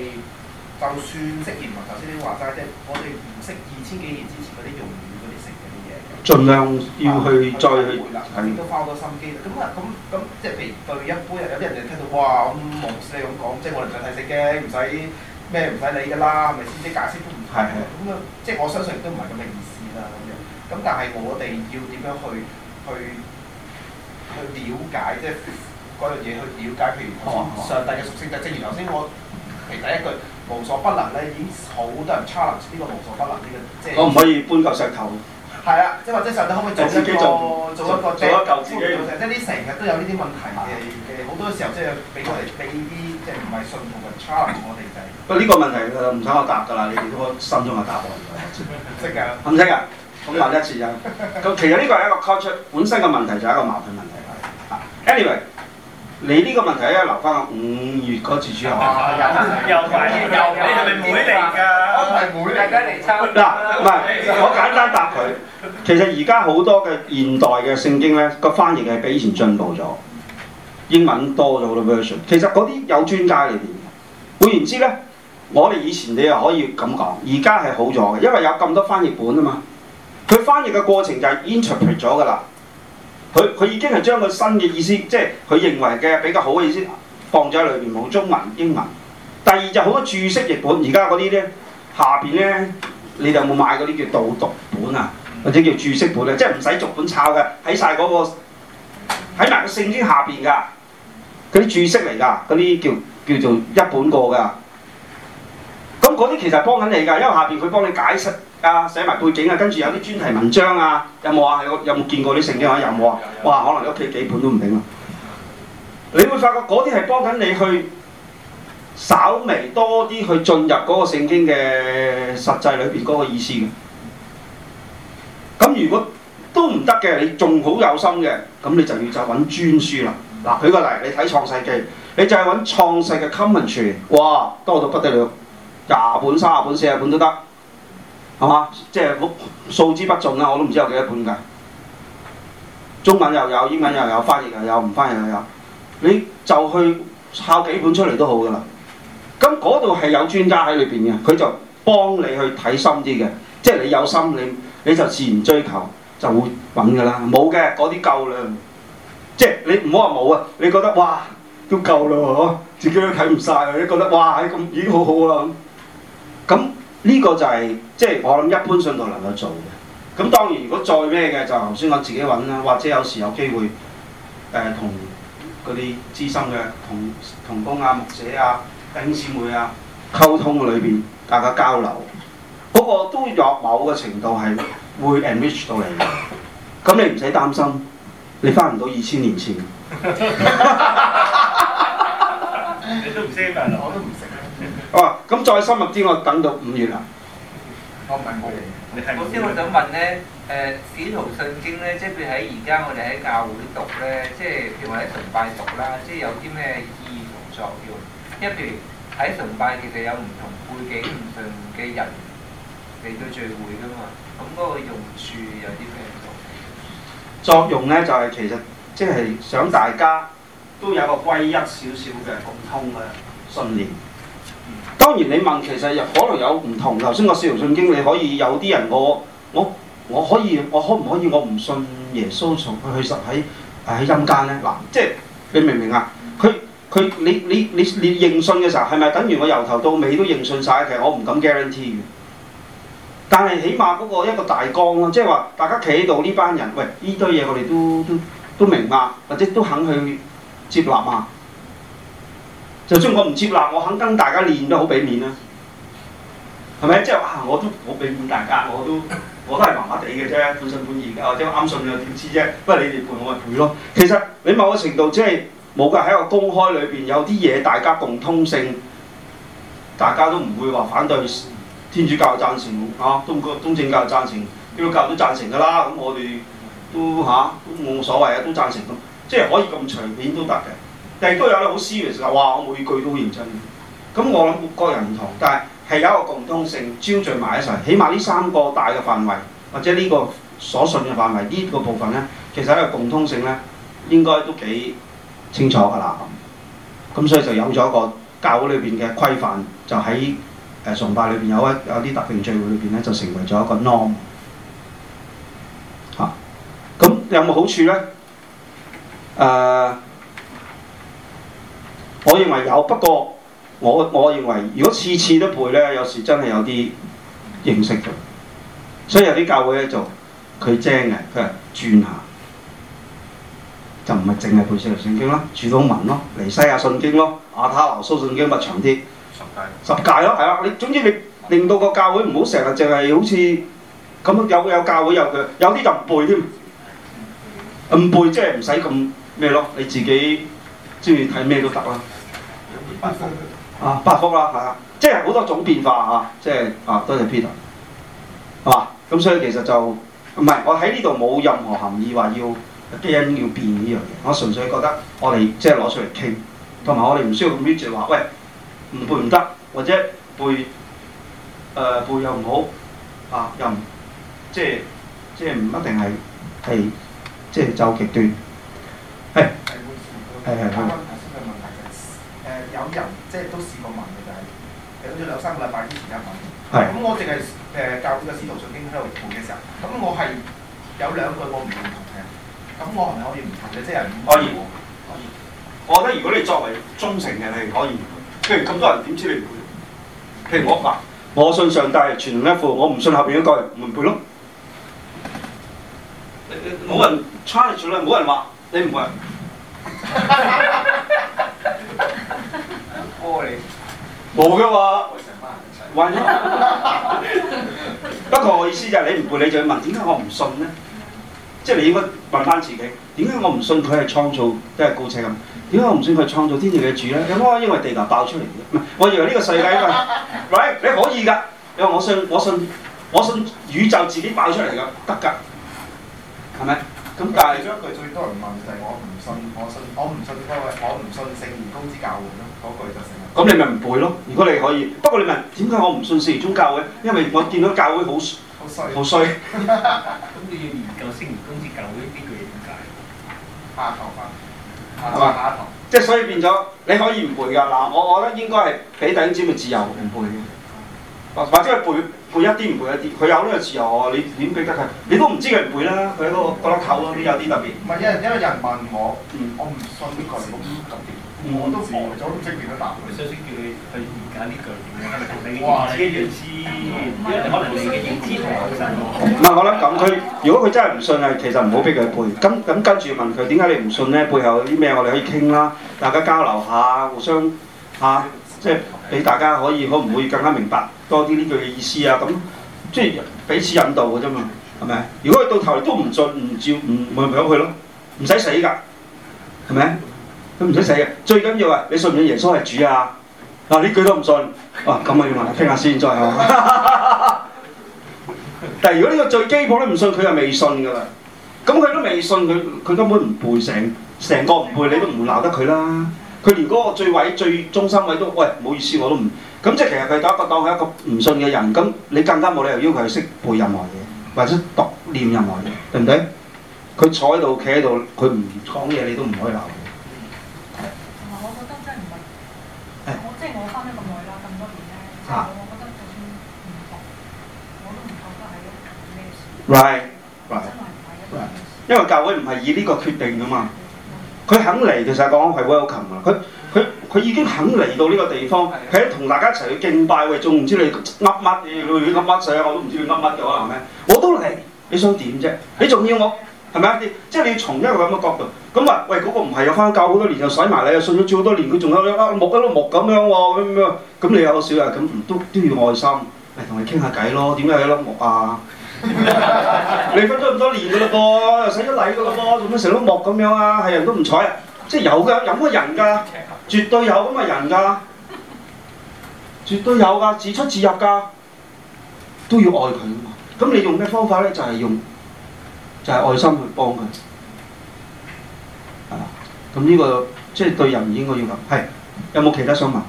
B: 就算識原文，頭先都話齋，即係我哋唔識二千幾年之前嗰啲用語，嗰啲食日啲嘢。盡量要去再、嗯、去回，係都花好多心機。咁啊，咁咁即係譬如對一般人，有啲人就聽到哇，咁、嗯、無師咁講，即係我哋唔使食嘅，唔使咩唔使理㗎啦，係咪先？啲解釋都唔係。咁啊的的、嗯，即係我相信亦都唔係咁嘅意思啦。咁但係我哋要點樣去去去，去去了解，即係嗰樣嘢去了解，譬如上帝嘅屬性就正，哦、如係頭先我提第一句無所不能咧已經好多人 challenge 呢、這個無所不能呢、這個即係可唔可
A: 以搬嚿石頭？係
B: 啊，即係或者上帝可唔可以做一個自己做，做一個，即係呢成日都有呢啲問題嘅，嘅好多時候即係俾我哋俾啲即係唔係信徒嘅 challenge 我哋就係？
A: 不呢個問題唔使我答㗎啦，你哋都心中有答案㗎啦，唔識㗎。咁話、啊、一次啫。咁其實呢個係一個 culture 本身嘅問，問題，就係一個矛盾問題嚟。Anyway，你呢個問題咧留翻個五月嗰次主啊。有有又啊有又埋、啊、又埋，又啊、你係咪妹嚟㗎？我唔係妹嚟。大家嚟參。嗱、啊、我簡單答佢。其實而家好多嘅現代嘅聖經咧，個翻譯係比以前進步咗。英文多咗好多 version。其實嗰啲有專家嚟嘅。換言之咧，我哋以前你又可以咁講，而家係好咗嘅，因為有咁多翻譯本啊嘛。佢翻譯嘅過程就係 interpret 咗㗎啦，佢佢已經係將個新嘅意思，即係佢認為嘅比較好嘅意思放咗喺裏邊，冇中文、英文。第二就好多注釋譯本，而家嗰啲咧下邊咧，你哋有冇買嗰啲叫導讀本啊，或者叫注釋本咧、啊？即係唔使逐本抄嘅，喺晒嗰個喺埋個聖經下邊㗎，嗰啲注釋嚟㗎，嗰啲叫叫做一本過㗎。咁嗰啲其實幫緊你㗎，因為下面佢幫你解釋啊、寫埋背景啊，跟住有啲專題文章啊，有冇啊？有冇見過啲聖經啊？有冇啊？哇！可能屋企幾本都唔明啊！你會發覺嗰啲係幫緊你去稍微多啲去進入嗰個聖經嘅實際裏邊嗰個意思嘅。咁如果都唔得嘅，你仲好有心嘅，咁你就要就揾專書啦。嗱，舉個例，你睇《創世記》，你就係揾《創世嘅 commentary》，哇，多到不得了。廿本、三十本、四十本都得，係嘛？即係數之不盡啦，我都唔知有幾多本㗎。中文又有，英文又有，翻譯又有，唔翻譯又有。你就去抄幾本出嚟都好㗎啦。咁嗰度係有專家喺裏邊嘅，佢就幫你去睇深啲嘅。即係你有心，你你就自然追求就會揾㗎啦。冇嘅嗰啲夠啦。即係你唔好話冇啊！你覺得哇，都夠啦，嗬？自己都睇唔晒。你覺得哇，咁已經好好啦。咁呢個就係即係我諗一般信徒能夠做嘅。咁當然如果再咩嘅，就頭先我自己揾啦，或者有時有機會誒、呃、同嗰啲資深嘅同同工啊、牧者啊、弟兄姊妹啊溝通裏邊，大家交流，嗰、那個都有某個程度係會 enrich 到你嘅。咁你唔使擔心，你翻唔到二千年前。
B: 你都唔識嘅人，我都唔。
A: 哦，咁再深入啲，我等到五月啦。
B: 我問我先，我想問咧，誒《使徒信經》咧，即係譬如喺而家我哋喺教會讀咧，即係譬如喺崇拜讀啦，即係有啲咩意義同作用？因譬如喺崇拜，其實有唔同背景、唔同嘅人嚟到聚會噶嘛，咁嗰個用處有啲咩作用
A: 呢？作用咧就係、是、其實即係、就是、想大家都有個歸一少少嘅共通嘅信念。當然你問，其實可能有唔同。頭先個使徒信經，你可以有啲人個我我，我可以，我可唔可以我唔信耶穌從佢去實喺誒喺陰間咧？嗱，即係你明唔明啊？佢佢你你你你認信嘅時候係咪等於我由頭到尾都認信晒？其實我唔敢 guarantee，但係起碼嗰個一個大綱啦，即係話大家企喺度呢班人，喂呢堆嘢我哋都都都，都明啊，或者都肯去接納啊。就算我唔接納，我肯跟大家練都好俾面啦，係咪？即、就、係、是、我都我俾面大家，我都我都係麻麻地嘅啫，半信半疑嘅，或者啱信你又點知啫？不過你哋判我咪判咯。其實你某個程度即係冇噶喺個公開裏面有啲嘢大家共通性，大家都唔會話反對天主教贊成啊，東正教贊成，基督教，教都贊成噶啦。咁我哋都嚇、啊、都冇所謂啊，都贊成，即係可以咁隨便都得嘅。但係都有咧好 serious 嘅，哇！我每句都好認真嘅。咁我諗各人唔同，但係係有一個共通性，朝聚埋一齊，起碼呢三個大嘅範圍，或者呢個所信嘅範圍，呢、這個部分咧，其實一個共通性咧，應該都幾清楚㗎啦。咁所以就有咗一個教會裏邊嘅規範，就喺誒崇拜裏邊有，有一有啲特定聚會裏邊咧，就成為咗一個 norm 嚇。咁有冇好處咧？誒、呃？我認為有，不過我我認為如果次次都背呢，有時真係有啲認識咗，所以有啲教會呢，就佢精嘅，佢係轉下，就唔係淨係背使徒信經啦，主禱文咯，尼西亞信經咯，亞他那修信經咪長啲，十誡十誡咯，係啦，你總之你令到個教會唔好成日淨係好似咁樣有有教會有嘅，有啲就唔背添，唔背即係唔使咁咩咯，你自己。中意睇咩都得啦，
B: 啊啊，
A: 啊八福啦，係、啊、即係好多種變化啊，即係啊，多謝 Peter，係嘛，咁所以其實就唔係我喺呢度冇任何含義話要基因要變呢樣嘢，我純粹覺得我哋即係攞出嚟傾，同埋我哋唔需要咁 absolute 話，喂唔背唔得，或者背誒、呃、背又唔好，啊又即係即係唔一定係係即係就極
B: 端係。哎係啱，係，係頭先嘅問題嘅。誒有人即係都試過問嘅，就係等咗兩三個禮拜，之前有問。咁的我淨係誒教佢嘅使徒信經喺度判嘅時候，咁我係有兩句我唔認同嘅。咁我係咪可以唔同嘅？即、就、係、是、
A: 以可以，可以。我覺得如果你作為忠誠嘅你，可以。譬如咁多人點知你唔背？譬如我話，我信上帝，全能一副，我唔信後邊一句，唔背咯。冇人 challenge 你，冇人話你唔背。我你冇噶嘛？或者
C: *laughs*
A: 不過我意思就係你唔會，你就要問，點解我唔信呢？即係你應該問翻自己，點解我唔信佢係創造即係高車咁？點解我唔信佢創造天地嘅主咧？咁我認為地球爆出嚟嘅，唔係我認為呢個世界因喂，right? 你可以㗎，你話我信，我信，我信宇宙自己爆出嚟㗎，得㗎，係咪？咁， *music* 但係，其中一句最多人問就係我唔信，我信，我唔信嗰個，我唔信聖而公之教會咯，嗰句就成咁、嗯、你咪唔背咯？如果你可以。不過你問點解我唔信聖而宗教會？因為我見到教會好衰，好衰。咁你要研究聖而公之教會呢句嘢點解？下堂啊，係嘛？下堂。即係桃所以變咗，你可以唔背噶。嗱，我我覺得應該係俾弟兄姊妹自由唔背或我我只係背。背一啲唔背一啲，佢有呢個時候，你點逼得佢？你都唔知佢唔背啦。佢一個骨碌頭都有啲特別。唔係，因為因為有人問我，嗯，我唔信呢
B: 個特別，我都忘咗都唔知點答
A: 案，所以先叫你去研究呢句點解咪。你你自己知，因為可能你嘅認知同我真係唔同。唔係我諗咁，佢如果佢真係唔信啊，其實唔好逼佢背。咁咁跟住問佢點解你唔信咧？背後有啲咩我哋可以傾啦，大家交流下，互相嚇、啊、即係。俾大家可以可唔可以更加明白多啲呢句嘅意思啊？咁即係彼此引導嘅啫嘛，係咪？如果佢到頭嚟都唔信，唔照唔唔入去咯，唔使死㗎，係咪？都唔使死嘅，最緊要係你信唔信耶穌係主啊？嗱，呢句都唔信，哇、啊，咁我要問聽下先再講、啊。但係如果呢個最基本都唔信，佢係未信㗎啦。咁佢都未信，佢根本唔背成成個唔背，你都唔鬧得佢啦。佢連嗰個最位最中心位都喂，唔好意思我都唔咁即係其實佢當一個當係一個唔信嘅人，咁你更加冇理由要求佢識背任何嘢，或者讀念任何嘢，對唔對？佢坐喺度，企喺度，佢唔講嘢，你都唔可以鬧佢。嗯、我覺得真係唔係，欸、我即係我翻咗咁耐啦，咁多年咧，啊、我覺得就算唔讀，我都
B: 唔讀晒嘅。
A: Right，right，right。因為教會唔係以呢個決定噶嘛。佢肯嚟，其實講係 welcome 佢，已經肯嚟到呢個地方，係同的大家一齊去敬拜喂，仲唔知你噏乜嚟噏乜曬？我都唔知你噏乜嘅可能咩？我都嚟，你想點啫？你仲要我係咪啊？即係、就是、你要從一個咁嘅角度，咁話喂，嗰、那個唔係啊，返教好多年又洗埋你，信咗咗好多年，佢仲咁樣噏木一碌木咁樣喎，咁你又好少啊？咁、啊啊、都都要愛心嚟同你傾下偈咯，點、啊、有喺碌木啊？ *laughs* 你分咗咁多年噶啦噃，又洗咗禮噶啦噃，做咩成碌木咁樣啊？係人都唔睬啊！即係有噶，有個人噶，絕對有咁嘅人噶，絕對有噶，自出自入噶，都要愛佢啊嘛。咁你用咩方法咧？就係、是、用，就係、是、愛心去幫佢。係、啊、嘛？咁呢、這個即係、就是、對人應該要咁。係，有冇其他想問？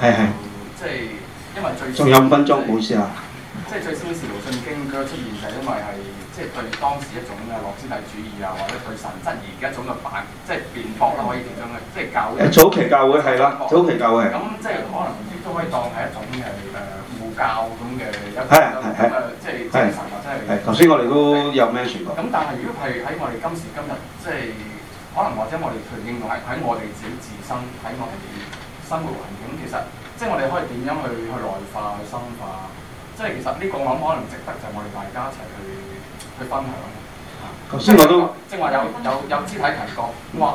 C: 係係，即係因為最仲有五
A: 分鐘冇事啊。即
C: 係最先時，羅信經佢出現就因為係即係對當時一種嘅諾斯底主義啊，或者對神質疑嘅一種嘅反，即係辯駁啦，可以點樣即係教會。早期教會係啦，早期教會。咁即係可能亦都可以當係一種嘅誒護教咁嘅一。係即係精神或者係。係頭先我哋都有 mention 過。咁但係如果係喺我哋今時今日，即係可能或者我哋認同係喺我哋自己自身喺我哋。生活環境其實，即係我哋可以點樣去去內化、去深化，即係其實呢個我諗可能值得就我哋大家一齊去去分享。即係話有有有肢體提過、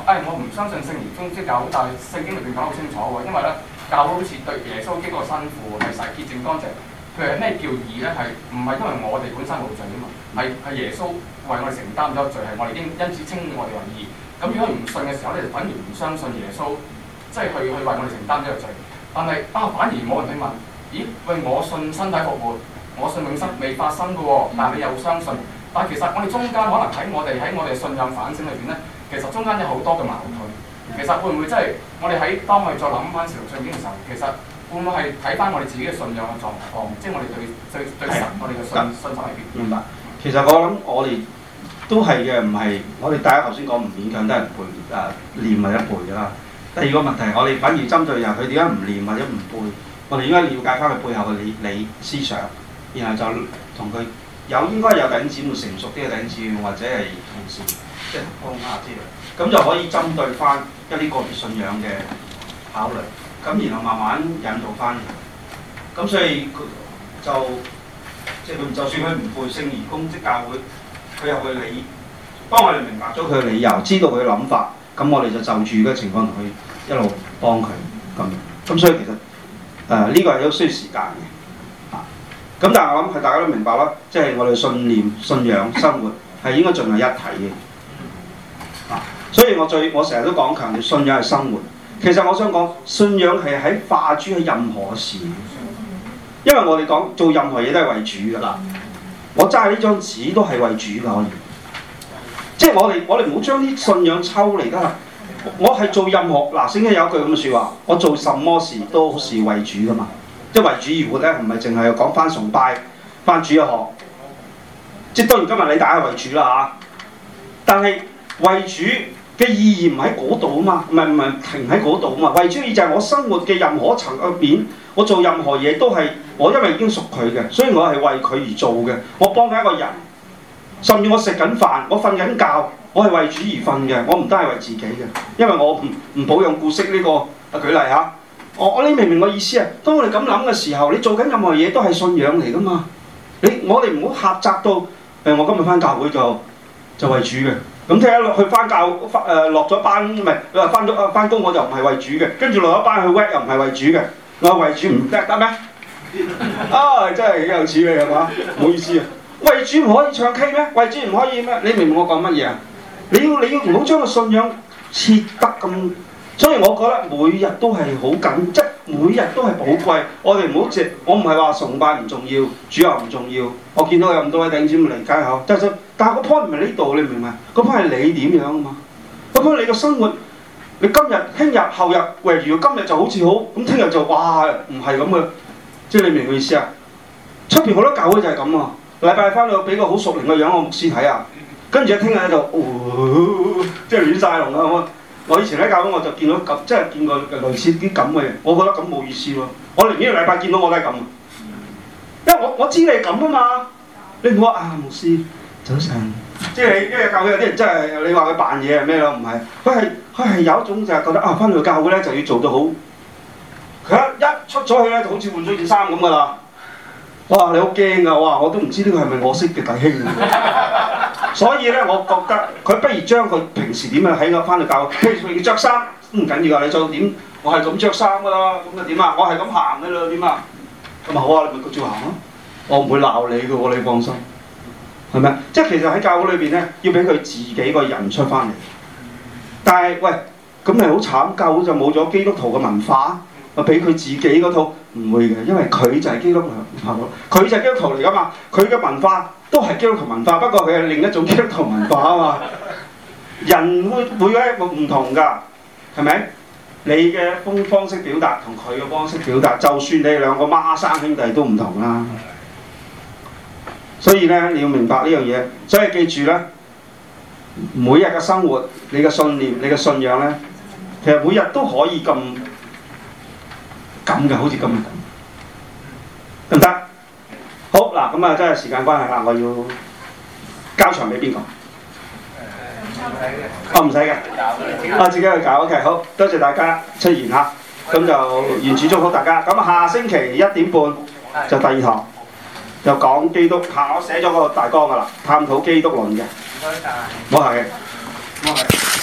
C: 哎，我話我唔相信聖經中即教，但係，聖經裏面講得好清楚喎，因為咧教好似對耶穌經過辛苦係洗潔淨乾淨，佢係咩叫義咧？係唔係因為我哋本身無罪啊嘛？係係耶穌為我哋承擔咗罪，係我哋應因此稱我哋為義。咁如果唔信嘅時候咧，就反而唔相信耶穌。即係去去為我哋承擔呢個罪，但係啊，反而冇人去問：咦，喂，我信身體復活，我信永生未發生嘅喎，但係你又相信。但係其實我哋中間可能喺我哋喺我哋信任反省裏邊咧，其實中間有好多嘅矛盾。其實會唔會真係，即係，我哋喺當我哋再諗翻時，信經嘅時候，其實會唔會係睇翻我哋自己嘅信仰嘅狀況，即係我哋對對對神，的我哋嘅信但信心喺邊。
A: 明白、嗯。其實我諗我哋都係嘅，唔係我哋大家頭先講唔勉強得人背啊，念係一背嘅啦。第二個問題，我哋反而針對由佢點解唔念或者唔背，我哋應該瞭解翻佢背後嘅理理思想，然後就同佢有應該有領子，會成熟啲嘅領子，或者係同事即係鄉下之類，咁就可以針對翻一啲個別信仰嘅考慮，咁然後慢慢引導翻佢。咁所以佢就即係佢，就算佢唔背聖而公之教會，佢有佢理，當我哋明白咗佢嘅理由，知道佢嘅諗法。咁我哋就就住嘅情況去一路幫佢咁，咁所以其實誒呢、呃這個係都需要時間嘅啊。咁但係我諗係大家都明白啦，即係我哋信念、信仰、生活係應該盡係一體嘅啊。所以我最我成日都講強調信仰係生活。其實我想講信仰係喺化諸喺任何事，因為我哋講做任何嘢都係為主㗎啦。我揸呢張紙都係為主㗎可以。即係我哋，我哋唔好將啲信仰抽嚟抽離啦。我係做任何嗱，聖、啊、經有一句咁嘅説話，我做什麼事都是為主噶嘛。即係為主而活咧，唔係淨係講翻崇拜，翻主嘅學。即係當然今日你大家為主啦嚇、啊，但係為主嘅意義唔喺嗰度啊嘛，唔係唔係停喺嗰度啊嘛。為主嘅意義就係我生活嘅任何層入面，我做任何嘢都係我因為已經屬佢嘅，所以我係為佢而做嘅。我幫緊一個人，甚至我食緊飯，我瞓緊覺，我係為主而瞓嘅，我唔單係為自己嘅，因為我唔保養顧惜呢個啊。舉例嚇，我、哦、你明唔明我意思啊？當我哋咁諗嘅時候，你做緊任何嘢都係信仰嚟㗎嘛？你我哋唔好狹窄到、哎、我今日翻教會就，就為主嘅。咁聽日落去翻教翻誒落咗班唔係，佢翻工我就唔係為主嘅。跟住落咗班去 work 又唔係為主嘅，我話為主唔得得咩？啊，真係豈有此理，係嘛？唔好意思啊。為主唔可以唱 K 咩？為主唔可以咩？你明唔明我講乜嘢啊？你要你要唔好將個信仰設得咁，所以我覺得每日都係好緊張，即係每日都係寶貴。我哋唔好直，我唔係話崇拜唔重要，主又唔重要。我見到有咁多位頂尖嚟街口，即係、但係但個 point 唔係呢度，你明唔明？個 point 係你點樣啊嘛？咁樣你個生活，你今日、聽日、後日，喂，如果今日就好似好，咁聽日就哇唔係咁嘅，即係你明唔明意思啊？出邊好多教會就係咁啊！禮拜翻去俾個好熟靈嘅樣我牧師睇啊，跟住咧聽日喺度，即係亂曬龍啦！我以前喺教會我就見到咁，即係見過類似啲咁嘅，我覺得咁冇意思喎。我寧願禮拜見到我都係咁，因為我我知你咁啊嘛，你唔好話啊牧師，早晨。即係因為教會有啲人真係你話佢扮嘢係咩咯？唔係，佢係有一種就係覺得啊，翻去教會咧就要做到好，佢一出咗去咧就好似換咗件衫咁噶啦。哇！你好驚㗎、啊，哇！我都唔知呢個係咪我識嘅弟兄、啊， *laughs* 所以呢，我覺得佢不如將佢平時點啊喺我翻嚟教會着衫唔緊要啊，你再點？我係咁着衫㗎啦，咁啊點啊？我係咁行㗎啦，點啊？咁 *laughs* 啊好啊，你咪繼續行咯、啊。我唔會鬧你嘅喎、啊，你放心，係咪？即係其實喺教會裏面咧，要俾佢自己個人出翻嚟。但係喂，咁係好慘，教會就冇咗基督徒嘅文化。我俾佢自己嗰套唔會嘅，因為佢就係基督徒，佢就係基督徒嚟㗎嘛，佢嘅文化都係基督徒文化，不過佢係另一種基督徒文化啊嘛。人會會咧，每個人都唔同㗎，係咪？你嘅風方式表達同佢嘅方式表達，就算你兩個孖生兄弟都唔同啦。所以呢，你要明白呢樣嘢。所以記住呢，每日嘅生活，你嘅信念，你嘅信仰呢，其實每日都可以咁。咁嘅，好似咁得唔得？好嗱，咁啊，真係時間關係啦，我要交場俾邊個？
B: 我
A: 唔使嘅，哦、我自己去搞，OK，好多謝大家出現哈，咁就完全祝福大家。咁下星期一點半就第二堂，就講基督，我寫咗個大綱噶啦，探討基督論嘅。
C: 唔
A: 該曬。我係。我係。